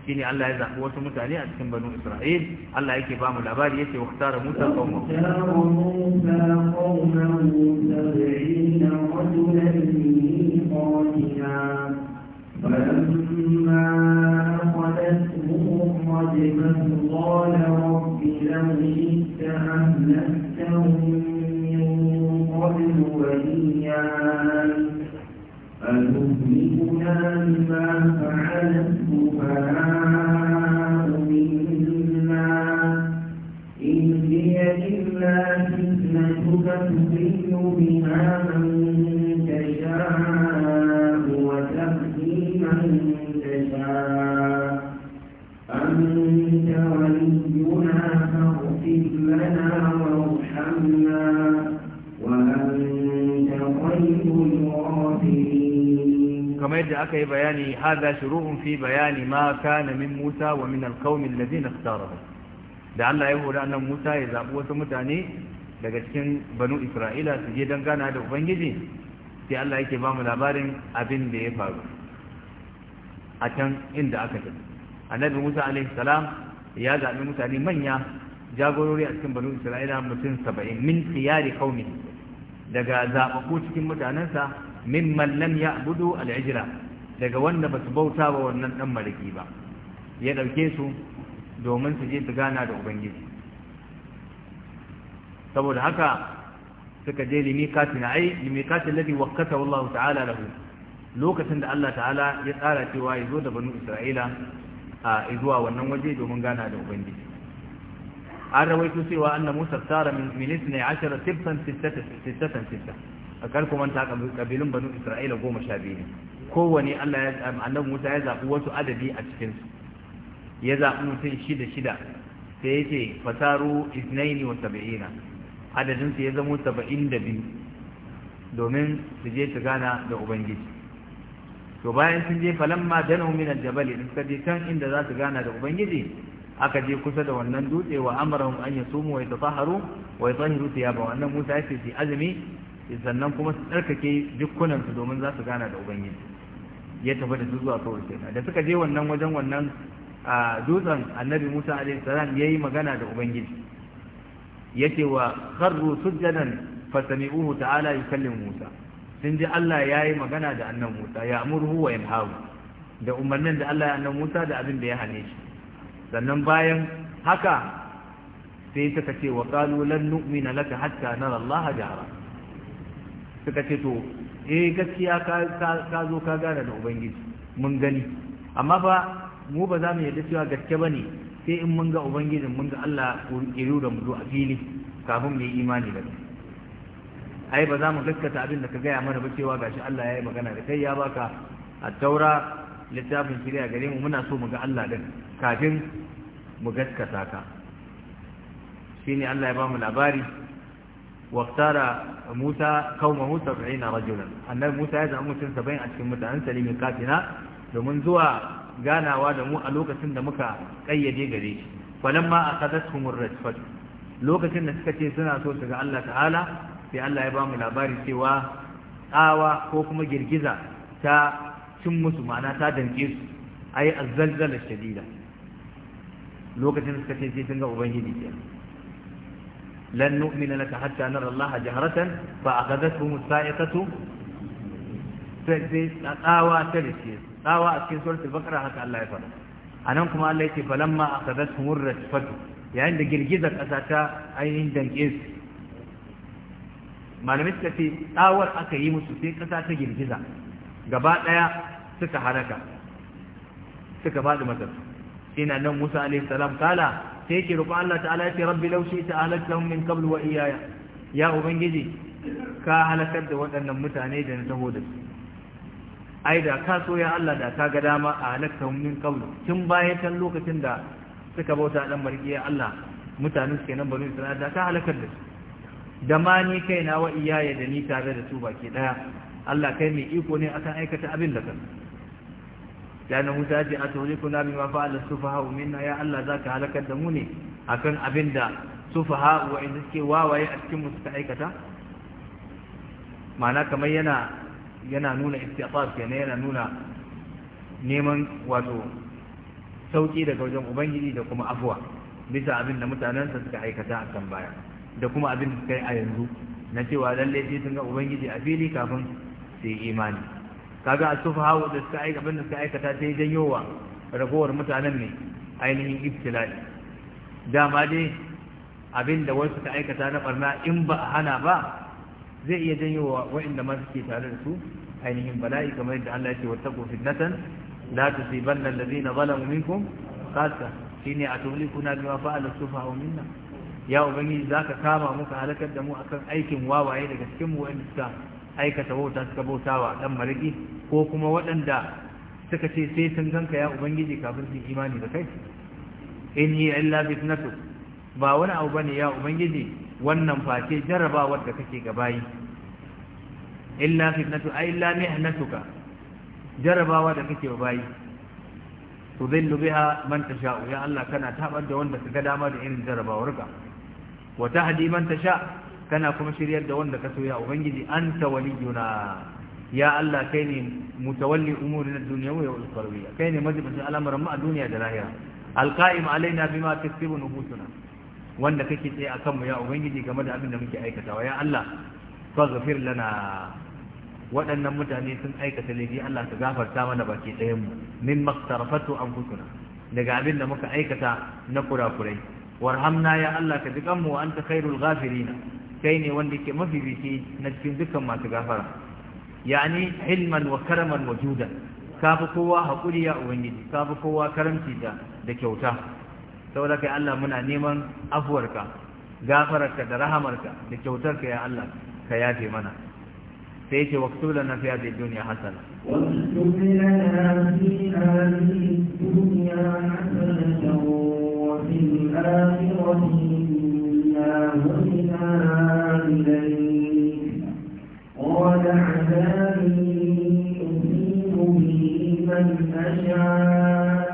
shine Allah ya zaɓi wasu mutane a cikin banu Isra'il Allah yake ba mu labari yake wa tsara Musa qaumahu فلما أخذت قد قال رب لو شئت أهلكتهم من قبل وإياي أتهلكنا بما فعل السفهاء منا إن هي إلا فتنتك تضل بها من yadda aka yi bayani hada shuru'un fi bayani ma kana min Musa wa min alqaumin ladina ikhtarahu da Allah ya hore annan Musa ya zabi wasu mutane daga cikin banu Isra'ila su je dan gana da Ubangiji sai Allah yake ba mu labarin abin da ya faru a can inda aka tafi annabi Musa alaihi salam ya zabi mutane manya jagorori a cikin banu Isra'ila mutum 70 min khiyari qaumi daga zabaku cikin mutanensa. mimman lam ya al al'ajira daga wanda ba su bauta wa wannan dan mariki ba ya dauke su domin su je su gana da ubangiji saboda haka suka je limikatin ai limikatin ladhi waqqata Allah ta'ala lahu lokacin da Allah ta'ala ya tsara cewa ya zo da banu Isra'ila a zuwa wannan waje domin gana da ubangiji an rawaito cewa anna Musa tsara min 12 sibtan 6 6 a karku manta kabilun banu isra'ila goma sha biyu kowane allah ya annabi musa ya zaɓi wasu adadi a cikinsu ya zaɓi mutum shida shida sai ya ce fasaru isnaini wa saba'ina adadinsu ya zama saba'in da biyu domin su je su gana da ubangiji to bayan sun je falamma danu min aljabali din suka je can inda za su gana da ubangiji aka je kusa da wannan dutse wa amara an yasumu wa yatahharu wa yatahiru thiyaba wannan Musa ya ce azumi sannan kuma su tsarkake jikkunansu domin za su gana da ubangiji ya tafi da su zuwa kawai kenan da suka je wannan wajen wannan a dutsen annabi musa alaihi salam yi magana da ubangiji Ya ce wa kharru sujjadan Uhu ta'ala kallin musa sun ji Allah ya yi magana da annan musa ya amurhu wa yanhahu da umarnin da Allah ya annan musa da abin da ya hane shi sannan bayan haka sai suka ce wa qalu lan nu'mina laka hatta nara Allah jahara suka ce to eh gaskiya ka zo ka gara da ubangiji mun gani amma ba mu ba za mu yarda cewa gaske ba ne sai in mun ga ubangijin mun ga Allah iru da mu a fili kafin mu yi imani da ai ba za mu gaskata abin da ka gaya mana ba cewa gashi Allah ya yi magana da kai ya baka a taura littafin shirya gare mu muna so mu ga Allah din kafin mu gaskata ka shine Allah ya ba mu labari واختار موسى قومه سبعين رجلا أن موسى يزعم a سبعين أشكم متعنسى kafina, domin zuwa ganawa da mu a lokacin da muka kayyade gare shi falamma akhadatkum ar-rajfat lokacin da suka ce suna so su ga Allah ta'ala sai Allah ya ba mu labari cewa tsawa ko kuma girgiza ta cin musu ma'ana ta danke su ai azzalzala shadida lokacin da suka ce sai sun ga ubangiji lan nu'mina laka hatta nara Allah jaharatan fa aghadathum as-sa'iqatu sai tsawa ta riske tsawa a cikin suratul baqara haka Allah ya faɗa anan kuma Allah yake falamma aghadathum ar-rajfatu yayin da girgizar ƙasa ta ainihin danke su malamai ce tsawar aka yi musu sai ƙasa ta girgiza gaba ɗaya suka haraka suka faɗi nan musa kala sai yake roƙo Allah ta'ala ya ce rabbi law shi'ta ahlaktahum min qabl wa iyaya ya ubangiji ka halakar da waɗannan mutane da na taho da su ai da ka so ya Allah da ka ga dama a halakta min qabl tun bayan can lokacin da suka bauta dan marki ya Allah mutane su kenan banu Isra'ila da ka halakar da su da ma ni kaina wa iyaya da ni tare da su baki daya Allah kai mai iko ne akan aikata abin da kanka yana Musa ce a tulikuna bima fa'ala sufaha minna ya Allah zaka halakar da mu ne akan abin da sufaha wa inda suke wawaye a cikin mu suka aikata ma'ana kamar yana yana nuna istiqaf kenan yana nuna neman wato sauki daga wajen ubangiji da kuma afuwa bisa abin da mutanensa suka aikata a kan baya da kuma abin da suka yi a yanzu na cewa lallai sai sun ga ubangiji a fili kafin su yi imani kaga a sufa hawo da suka aika abin da suka aikata ta yi janyowa ragowar mutanen ne ainihin ibtila'i dama dai abin da wasu suka aikata na barna in ba a hana ba zai iya janyowa waɗanda ma suke tare da su ainihin bala'i kamar yadda Allah ya ce wattaqu fitnatan la tusibanna alladhina zalamu minkum khassa shine a tuhlikuna bima fa'ala sufaha'u minna ya ubangiji zaka kama muka halakar da mu akan aikin wawaye daga cikin mu wanda suka aikata bauta suka bautawa dan mariki ko kuma waɗanda suka ce sai sun ganka ya ubangiji kafin su imani da kai in yi illa fitnatu ba wani abu bane ya ubangiji wannan face jarrabawar da kake ga bayi illa fitnatu ay illa mihnatuka jarrabawa da kake bayi tudillu biha man tasha'u ya Allah kana tabar da wanda suka dama da irin ka. wa tahdi man tasha' kana kuma shiryar da wanda ka soya ubangiji anta waliyuna ya Allah kai ne mutawalli umuri na duniya wa yawon tsarwiya kai ne majibacin al'amuran mu a duniya da lahira alka'im alaina bima kasibu nuhusuna wanda kake tsaye akan mu ya ubangiji game da abin da muke aikatawa ya Allah faghfir lana waɗannan mutane sun aikata laifi Allah ka gafarta mana baki ɗayan mu min maktarfatu anfusuna daga abin da muka aikata na kurakurai warhamna ya Allah ka dukan mu wa anta khairul ghafirina kai ne wanda ke mafi biki na cikin dukkan masu gafara yani hilman wa karaman wa juda ka kowa hakuri ya ubangiji ka kowa karamci da da kyauta saboda kai Allah muna neman afuwarka gafararka da rahamarka da kyautarka ya Allah ka yafe mana sai yake لنا في هذه الدنيا حسنة واكتب لنا في هذه الدنيا حسنة وفي الآخرة إنا هدنا قال عذابي أصيب من أشاء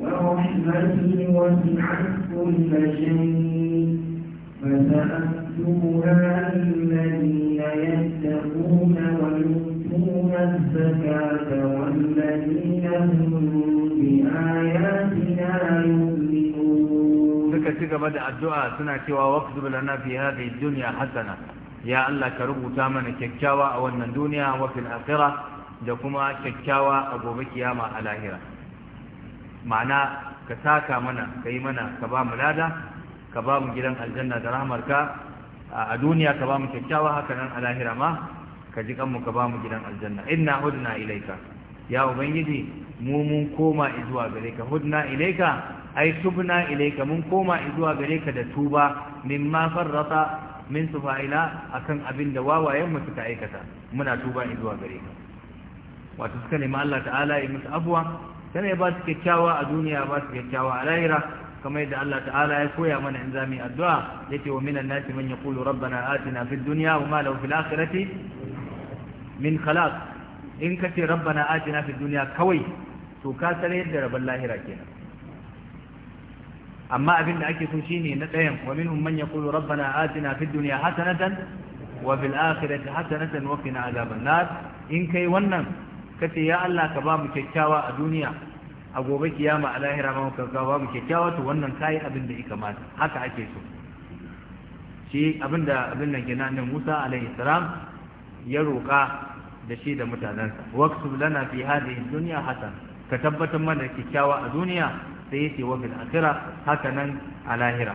ورحمتي كل شيء يؤتون suka ci gaba da addu'a suna cewa waqtub lana fi hadhihi ad-dunya hasana ya Allah ka rubuta mana kyakkyawa a wannan duniya wa fil akhirah da kuma kyakkyawa a gobe kiyama a lahira ma'ana ka saka mana ka yi mana ka ba mu lada ka ba mu gidan aljanna da rahmarka a duniya ka ba mu kyakkyawa haka nan a lahira ma ka ji kanmu ka ba mu gidan aljanna inna hudna ilaika ya ubangiji mu mun koma zuwa gare ka hudna ilaika ai tubna ilaika mun koma zuwa gare ka da tuba mimma farrata min sufaila akan abin da wawayen mu suka aikata muna tuba zuwa gare ka wato suka nemi Allah ta'ala ya musu abuwa sai ya ba su kyakkyawa a duniya ba su kyakkyawa a lahira kamar yadda Allah ta'ala ya koya mana in zamu addu'a yace wa minan nasi man yaqulu rabbana atina fid dunya wa ma lahu fil akhirati min khalaq in kace rabbana atina fid dunya kawai to ka sare yadda rabban lahira kenan amma abin da ake so shine na ɗayan wa minhum man yaqulu rabbana atina fid dunya hasanatan wa fil akhirati hasanatan wa qina adhaban nar in kai wannan kace ya Allah ka ba mu kyakkyawa a duniya a gobe kiyama a lahira ma ga babu kyakkyawa to wannan kayi abin da ya kamata haka ake so shi abin da abin nan gina nan Musa alaihi salam ya roka da shi da mutanansa. waqtu lana fi hadhihi dunya hasan ka tabbatar mana kyakkyawa a duniya sai yace wa bil akhirah haka nan a lahira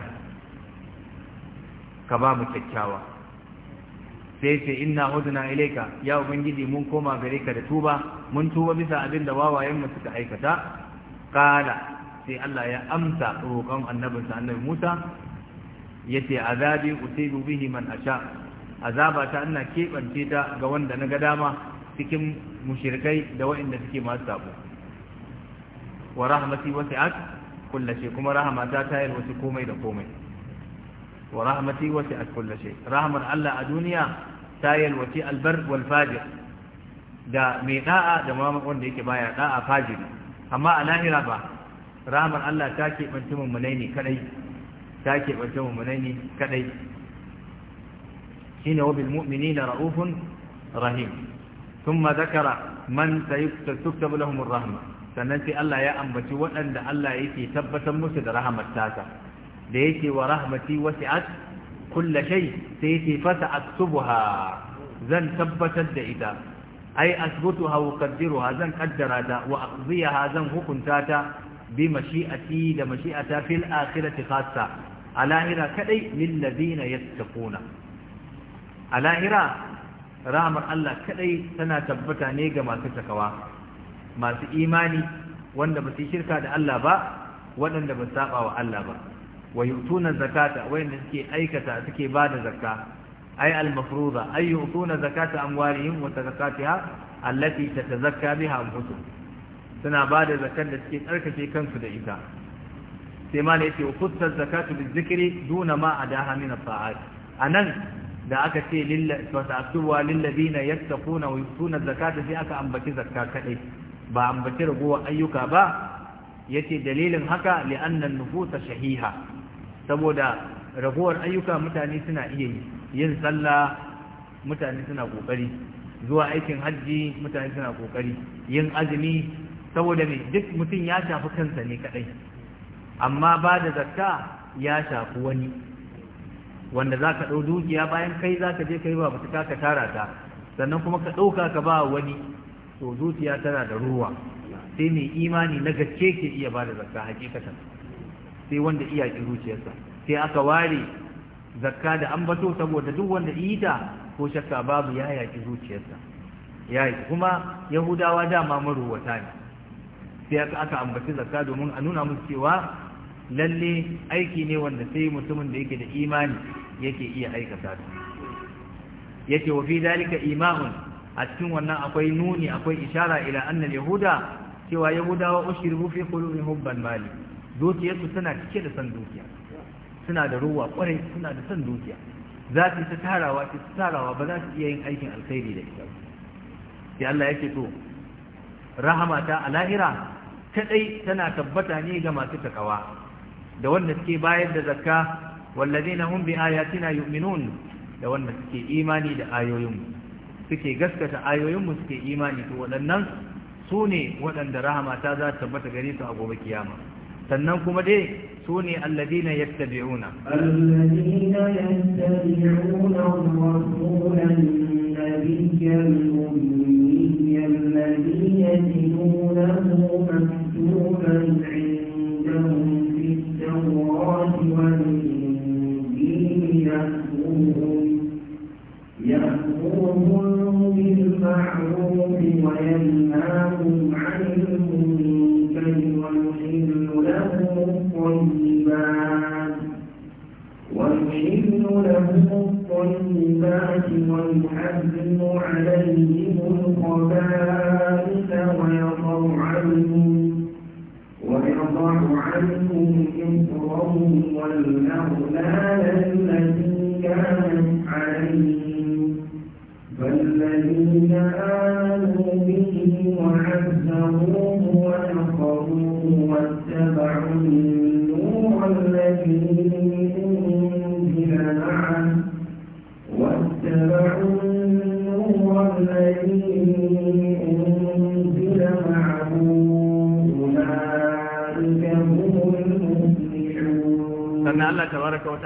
ka ba mu kyakkyawa sai ce inna hudna ilaika ya ubangiji mun koma gare ka da tuba mun tuba bisa abin da wawayen mu suka aikata kala sai Allah ya amsa roƙon annabinsa annabi Musa ya yace azabi usibu bihi man asha azaba ta ina keɓance ta ga wanda na ga dama cikin mushrikai da waɗanda suke masu sabo wa rahmati wasi'at kullashe kuma rahmata ta tayar wasu komai da komai wa rahmati wasi'at kullashe rahmar Allah a duniya tayar yi albar wal fajir da mai da'a da ma wanda yake baya da'a fajiri amma a lahira ba ramar Allah ta keɓanci mummunai ne kadai ta keɓanci mummunai ne kadai shine wa bil mu'minina ra'ufun rahim thumma zakara man sayuktabu lahum ar-rahma sannan sai Allah ya ambaci waɗanda Allah yake tabbatar musu da rahamar tasa da yake wa rahmati wasi'at kullu shay sai yake fasa'at subha zan tabbatar da ita ai asbutuha hau qaddiruha zan kaddara da wa aqdiha zan hukunta ta bi mashi'ati da mashi'ata fil akhirati khassa alahira kadai lil ladina yattaquna alahira rahmar Allah kadai tana tabbata ne ga masu takawa masu imani wanda ba su shirka da Allah ba waɗanda ba saba wa Allah ba wa yutuna zakata wayanda suke aikata suke bada zakka أي المفروضة أي يؤتون زكاة أموالهم وتزكاتها التي تتزكى بها أنفسهم سنة بعد زكاة التي تركت كنس دعيتا سيما ليتي وخص الزكاة بالذكر دون ما أداها من الطاعات أنا da aka ce fasa'atuwa lillazina yattaquna wa yutuna zakata sai aka ambaci zakka kaɗai, ba ambaci ragowa ayyuka ba yace dalilin haka li'anna an-nufusa shahiha saboda ragowar ayyuka mutane suna iya yi yin sallah mutane suna kokari zuwa aikin hajji mutane suna kokari yin azumi saboda me duk mutum ya shafi kansa ne kadai amma ba da zakka ya shafi wani wanda za ka ɗau dukiya bayan kai za ka je kai ba mutu ka tara ta sannan kuma ka ɗauka ka ba wani to dukiya tana da ruwa sai mai imani na gaske ke iya ba da zakka hakikatan sai wanda iyakin ki zuciyarsa sai aka ware zakka da ambato saboda duk wanda yi ta ko shakka babu ya yaki zuciyarsa yi kuma yahudawa dama maruwata ne sai aka ambaci zakka domin a nuna musu cewa lalle aiki ne wanda sai mutumin da yake da imani yake iya aikata ta yake wa fi dalika imamun a cikin wannan akwai nuni akwai ishara ila annal yahuda cewa yahudawa ushiru fi qulubihim hubban mali zuciyarsu tana cike da san dukiya suna da ruwa kwarai suna da son dukiya za su ta tarawa ta tarawa ba za su iya yin aikin alkhairi da ita sai Allah yake to rahama ta a lahira kadai tana tabbata ne ga masu takawa da wanda suke bayar da zakka wallazina hum bi ayatina yu'minun da wanda suke imani da ayoyin suke gaskata ayoyin mu suke imani to waɗannan su ne waɗanda rahama ta za ta tabbata gare su a gobe kiyama sannan kuma dai su ne alladina yattabi'una alladina yattabi'una rasulan nabiyyan لهم الطيبات ويحرم عليهم الخبائث ويضع عنهم ويضع عنهم والأغلال التي كانت عليهم فالذين آمنوا به وعزروه ونصروه واتبعوا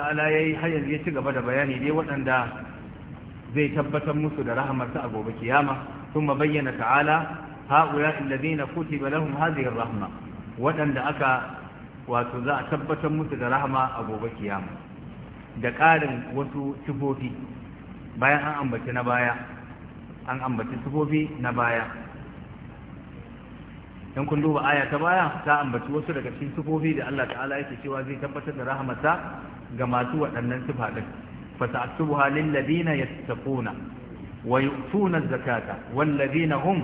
ta'ala ya yi hayar ya ci gaba da bayani dai waɗanda zai tabbatar musu da rahamarsa a gobe kiyama sun ma ثم بين تعالى هؤلاء kuti كتب لهم هذه الرحمة waɗanda aka wato za a tabbatar musu da rahama a gobe kiyama da ƙarin wasu sifofi bayan an ambaci na baya an ambaci sifofi na baya in kun duba aya ta baya ta ambaci wasu daga cikin sifofi da Allah ta'ala yake cewa zai tabbatar da rahamarsa ga masu waɗannan sifa ɗin halin lil ladina yattaquna wa yu'tuna zakata wal ladina hum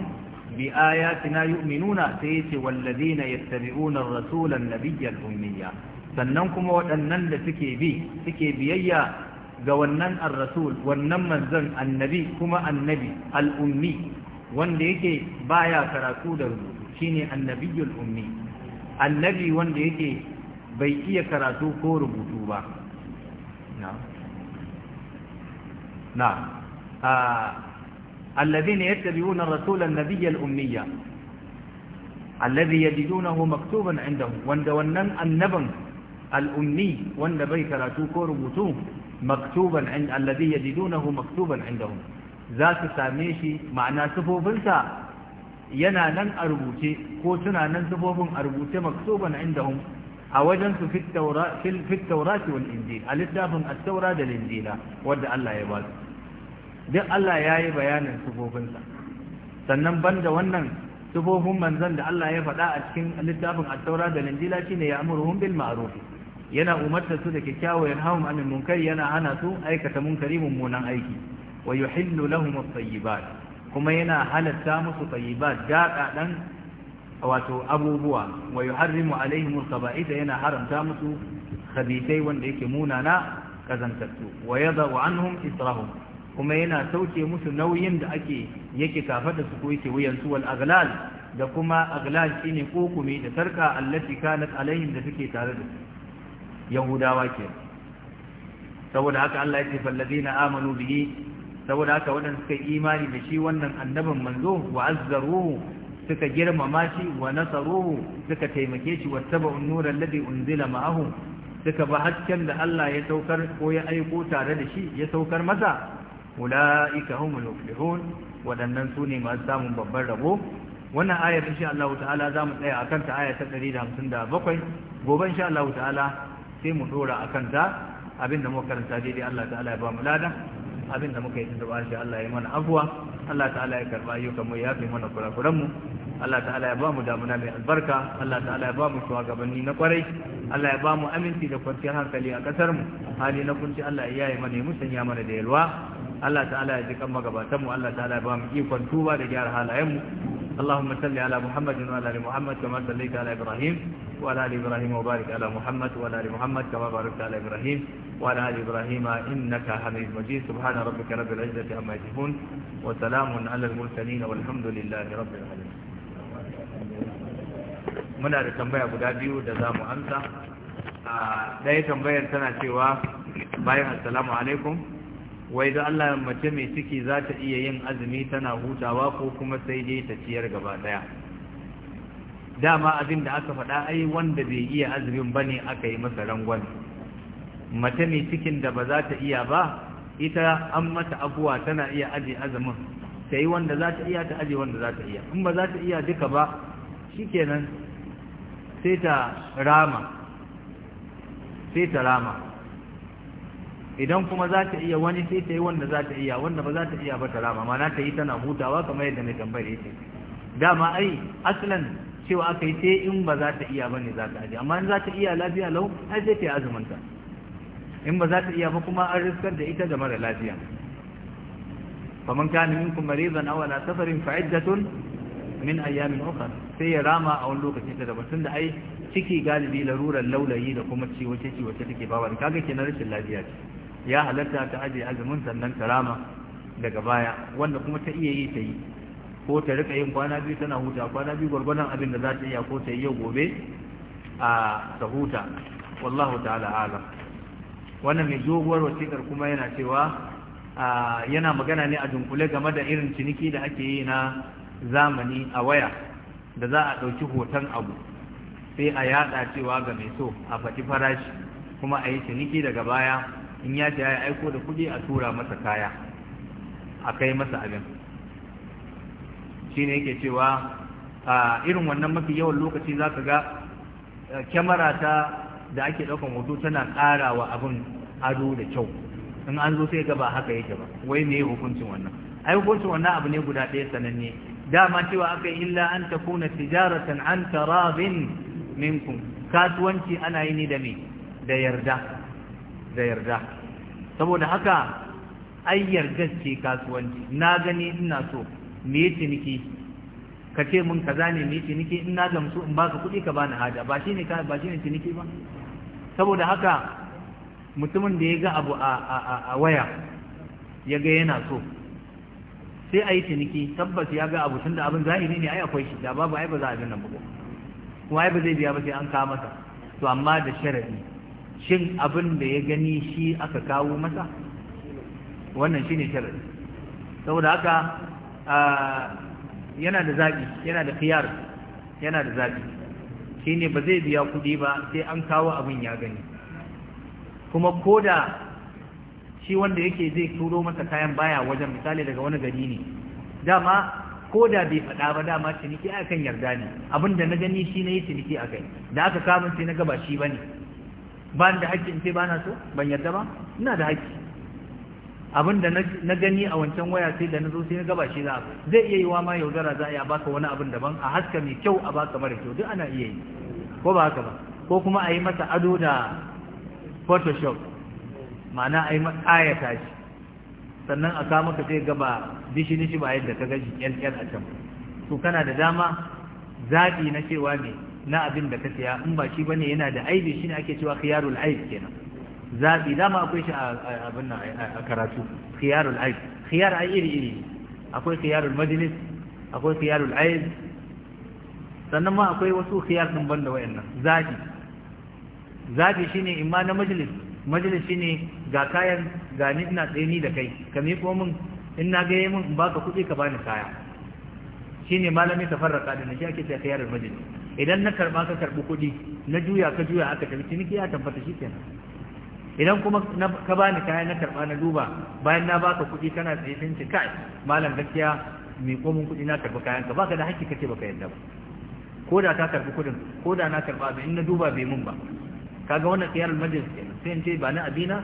bi ayatina yu'minuna sai yace wal ladina yattabi'una ar-rasula an-nabiyya al-ummiyya sannan kuma waɗannan da suke bi suke biyayya ga wannan ar-rasul wannan manzon annabi kuma annabi al'ummi wanda yake baya karatu da rubutu shine annabiyyul ummi annabi wanda yake bai iya karatu ko rubutu ba na allazi ne ya tabi wunan rasulun nabiyyar umniya allazi ya ji duna ho maktoban inda wanda wannan annaban al’unni wanda bai karatu ko rubutu maktoban allazi ya ji duna ho maktoban inda za su same shi ma'ana sufofinsa yana nan a rubuce ko suna nan sufofin a rubuce maktoban inda a wajen su fit taurati wal injil a littafin at-taura da injila wanda Allah ya ba duk Allah ya yi bayanin sufofinsa sannan banda wannan sufofin manzon da Allah ya faɗa a cikin littafin at-taura da injila shine ya amuruhum bil ma'ruf yana umarta su da kyakkyawa yanhahum anil munkar yana hana su aikata munkari mummunan aiki wa yuhillu lahum at-tayyibat kuma yana halarta musu tayyibat da wato abubuwa wa harrimu alaihim alqaba'ida yana haramta musu khabithai wanda yake munana kazantattu wa yadhu anhum israhum kuma yana sauke musu nauyin da ake yake kafada su ko yake wuyan su wal da kuma aghlal shine kokumi da sarka allati kanat alaihim da suke tare da yahudawa ke saboda haka Allah ya ce na amanu bihi saboda haka waɗanda suka imani da shi wannan annabin manzo wa azzaruhu suka girmama shi wa nasaruhu suka taimake shi wattaba'u an-nur alladhi unzila ma'ahu suka ba hasken da Allah ya saukar ko ya aiko tare da shi ya saukar masa ula'ika humul muflihun waɗannan su ne masu samun babban rabo wannan ayar insha Allah ta'ala za mu tsaya akan ta aya ta 157 gobe insha Allah ta'ala sai mu dora akan ta abinda muka karanta daidai Allah ta'ala ya ba mu lada abinda muka yi ta Allah ya mana afuwa Allah ta'ala ya karba ayyukan mu ya fi mana kurakuran mu Allah ta'ala ya ba mu damuna mai albarka Allah ta'ala ya ba mu shugabanni na kwarai Allah ya ba mu aminci da kwanciyar hankali a kasar mu hali na kunci Allah ya yaye mana ya musanya mana da yalwa Allah ta'ala ya ji kan magabatan mu Allah ta'ala ya ba mu ikon tuba da gyara halayen mu اللهم صل muhammad محمد وعلى ال محمد wa صليت على ابراهيم وعلى ال ابراهيم وبارك على محمد وعلى ال محمد كما باركت على ابراهيم وعلى ال ابراهيم انك حميد مجيد سبحان ربك رب العزه عما يصفون وسلام على المرسلين والحمد لله رب العالمين muna da tambaya guda biyu da za mu amsa ɗaya tambayar tana cewa bayan assalamu alaikum wai da Allah mace mai ciki za ta iya yin azumi tana hutawa ko kuma sai dai ta ciyar gaba ɗaya dama abin da aka faɗa ai wanda bai iya azumin ba ne aka yi masa rangwan. mace mai cikin da ba za ta iya ba ita an mata abuwa tana iya aje azumin ta yi wanda za ta iya ta aje wanda za ta iya in ba za ta iya duka ba shikenan sai ta rama sai ta rama idan kuma za ta iya wani sai ta yi wanda za ta iya wanda ba za ta iya ba ta rama mana ta yi tana hutawa kamar yadda mai tambayar yake dama ai aslan cewa aka yi sai in ba za ta iya ba ne za ta aje amma in za ta iya lafiya lau ai sai ta yi azuminta in ba za ta iya ba kuma an riskar da ita da mara lafiya faman kana minkum maridan aw ala safarin fa'iddatun min ayyamin ukhra sai ya rama a wani lokaci ta batun da ai ciki galibi larurar laulayi da kuma ciwace wacce take bawa da kaga kenan rashin lafiya ya halatta ta aje azumin sannan ta rama daga baya wanda kuma ta iya yi ta yi ko ta rika yin kwana biyu tana huta kwana biyu gwargwadon abin da za ta iya ko ta yi yau gobe a ta huta wallahu ta'ala alam wannan mai doguwar wasikar kuma yana cewa yana magana ne a dunkule game da irin ciniki da ake yi na zamani a waya da za a ɗauki hoton abu sai a yada cewa ga mai so a faɗi farashi kuma a yi ciniki daga baya in ya ya aiko da kuɗi a tura masa kaya a kai masa abin shine yake cewa a irin wannan mafi yawan lokaci za ka ga kyamara ta da ake ɗaukan hoto tana ƙara wa abin ado da kyau in an zo sai ga ba haka yake ba wai me hukuncin wannan ai hukuncin wannan abu ne guda ɗaya sananne dama cewa aka yi illa an kuna tijaratan an tarabin minkum kasuwanci ana yi ne da me da yarda da yarda saboda haka ai yarda ce kasuwanci na gani ina so me yace niki ka ce mun kaza ne me yace niki ina gamsu in baka kuɗi ka bani haja ba shine ka ba shine ciniki ba saboda haka mutumin da ya ga abu a waya ya ga yana so sai a yi ciniki tabbas ya ga abu tun da abin zahiri ne ai akwai shi da babu ai ba za a nan ba kuma ai ba zai biya ba sai an kawo masa to amma da sharadi shin abin da ya gani shi aka kawo masa wannan shine sharadi saboda haka yana da zabi yana da khiyar yana da zabi shine ba zai biya kuɗi ba sai an kawo abin ya gani kuma koda shi wanda yake zai turo masa kayan baya wajen misali daga wani gari ne dama ko da bai faɗa ba dama ciniki a kan yarda ne abinda na gani shi na yi ciniki a kai da aka kama sai na gaba shi ba ne ba da haƙƙi in sai ba na so ban yarda ba ina da haƙƙi abinda na gani a wancan waya sai da na zo sai na gaba shi za zai iya yi wa ma yaudara za a yi a baka wani abin daban a haska mai kyau a baka mara kyau duk ana iya yi ko ba haka ba ko kuma a yi masa ado da photoshop ma'ana a yi ayata shi sannan a kama ka sai gaba dishi shi ba yadda ka gaji kyalkyal a can to kana da dama zaɓi na cewa ne na abin da ka siya in ba shi bane yana da aibi shi ne ake cewa khiyarul aib kenan zaɓi dama akwai shi a abin nan a karatu khiyarul aib khiyar ai iri iri akwai khiyarul majlis akwai khiyarul aib sannan ma akwai wasu khiyar din banda wayannan zaɓi zaɓi shine imma na majlis majalisi ne ga kayan ga ni tsaye ni da kai ka miƙo min in na gaye min in baka kuɗi ka bani kaya Shi ne malami ta farraka da shi ake tafiya da majalisi idan na karɓa ka karɓi kuɗi na juya ka juya aka tafi ciniki ya tabbata kenan. idan kuma ka bani kaya na karɓa na duba bayan na baka kuɗi kana tsaye sun ce kai malam gaskiya miƙo min kuɗi na karɓi kayan ka baka da hakki kace baka yadda ba ko da ka karbi kuɗin ko da na karba abin in na duba bai mun ba kaga wannan tsayar majalis kenan sai in ce ba na abina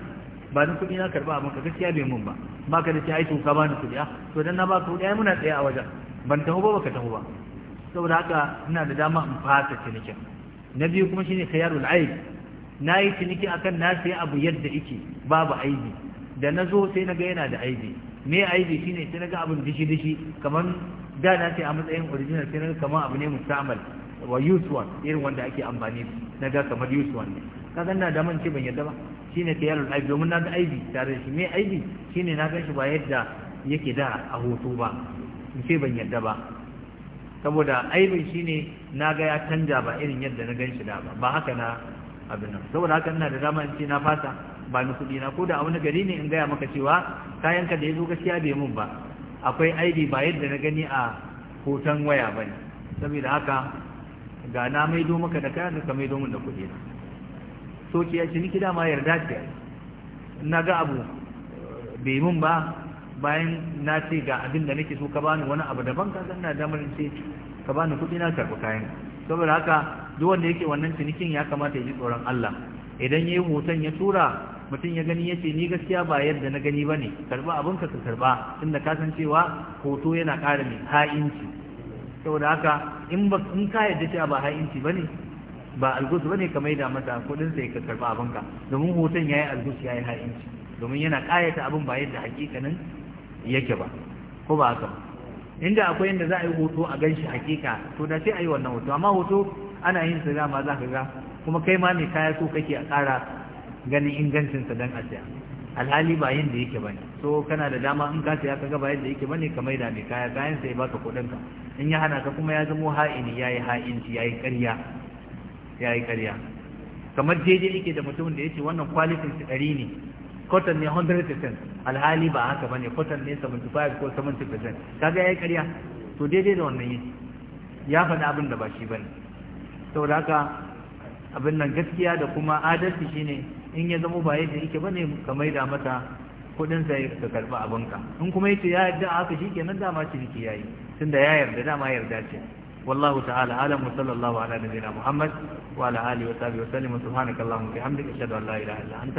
ba na kuɗi na karba abin ka gaskiya bai mun ba ba ka da ce aiki ka bani kuɗi a ah, to dan na ba ka kuɗi muna tsaye a wajen ban taho ba baka taho ba saboda haka ina da dama in fasa cinikin na biyu kuma shine khayarul aib na yi ciniki akan na sai abu yadda yake babu aibi da na zo sai na ga yana da aibi me aibi shine sai na ga abin dishi dishi kamar da na ce a matsayin original sai na ga kamar abu ne musamman wa use one irin wanda ake amfani na ga kamar use one ne ka ina da man ce ban yadda ba shine khiyarul aibi domin na ga aibi tare da shi me aibi shine na gan ba yadda yake da a hoto ba in ce ban yadda ba saboda aibin shine na ga ya canja ba irin yadda na gan da ba ba haka na abin nan saboda haka ina da dama in ce na fasa ba ni kuɗi na ko da a wani gari ne in gaya maka cewa kayanka da ya zo gaskiya bai mun ba akwai aibi ba yadda na gani a hoton waya ba ne saboda haka ga na maido maka da kayan da ka maido min da kuɗi na soke ya ciniki dama yarda ce na ga abu bai mun ba bayan na ce ga abin da nake so ka bani wani abu daban ka zanna na damar ce ka bani kuɗi na karɓi kayan saboda haka duk wanda yake wannan cinikin ya kamata ya ji tsoron Allah idan yayi hoton ya tura mutum ya gani yace ni gaskiya ba yadda na gani bane karba abin ka ka karba tunda ka san cewa hoto yana ƙara mai ha'inci saboda haka in ba in ka yadda cewa ba ha'inci bane ba algus bane ka maida masa kudin sai ka karba ka domin hoton yayi algus yayi ha'inci domin yana kayata abin ba yadda hakikanin yake ba ko ba haka inda akwai inda za a yi hoto a ganshi hakika to da sai a yi wannan hoto amma hoto ana yin sa dama za ka ga kuma kai ma ne kaya so kake a ƙara ganin ingancinsa sa a asiya alhali ba yin da yake bane so kana da dama in ka saya kaga ba yadda yake bane ka maida mai kaya kayan sai baka kuɗin ka in ya hana ka kuma ya zamo ha'ini yayi ha'inci yayi ƙarya ya yi ƙarya kamar daidai yake da mutumin da ya ce wannan kwalitin su ɗari ne cotton ne 100% alhali ba haka ba ne cotton ne 75 ko 70% kaga ya yi ƙarya to daidai da wannan yi ya faɗi abin da ba shi ba ne saboda haka abin nan gaskiya da kuma adalci shine in ya zama ba yadda yake ba ne ka maida mata kudin sai ka karɓi abinka in kuma ce ya yarda haka shi kenan dama ciniki yi tunda ya yarda dama yarda ce والله تعالى أعلم وصلى الله على نبينا محمد وعلى آله وصحبه وسلم سبحانك اللهم وبحمدك أشهد أن لا إله إلا أنت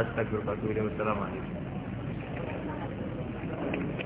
أستغفرك وأتوب إليك والسلام عليكم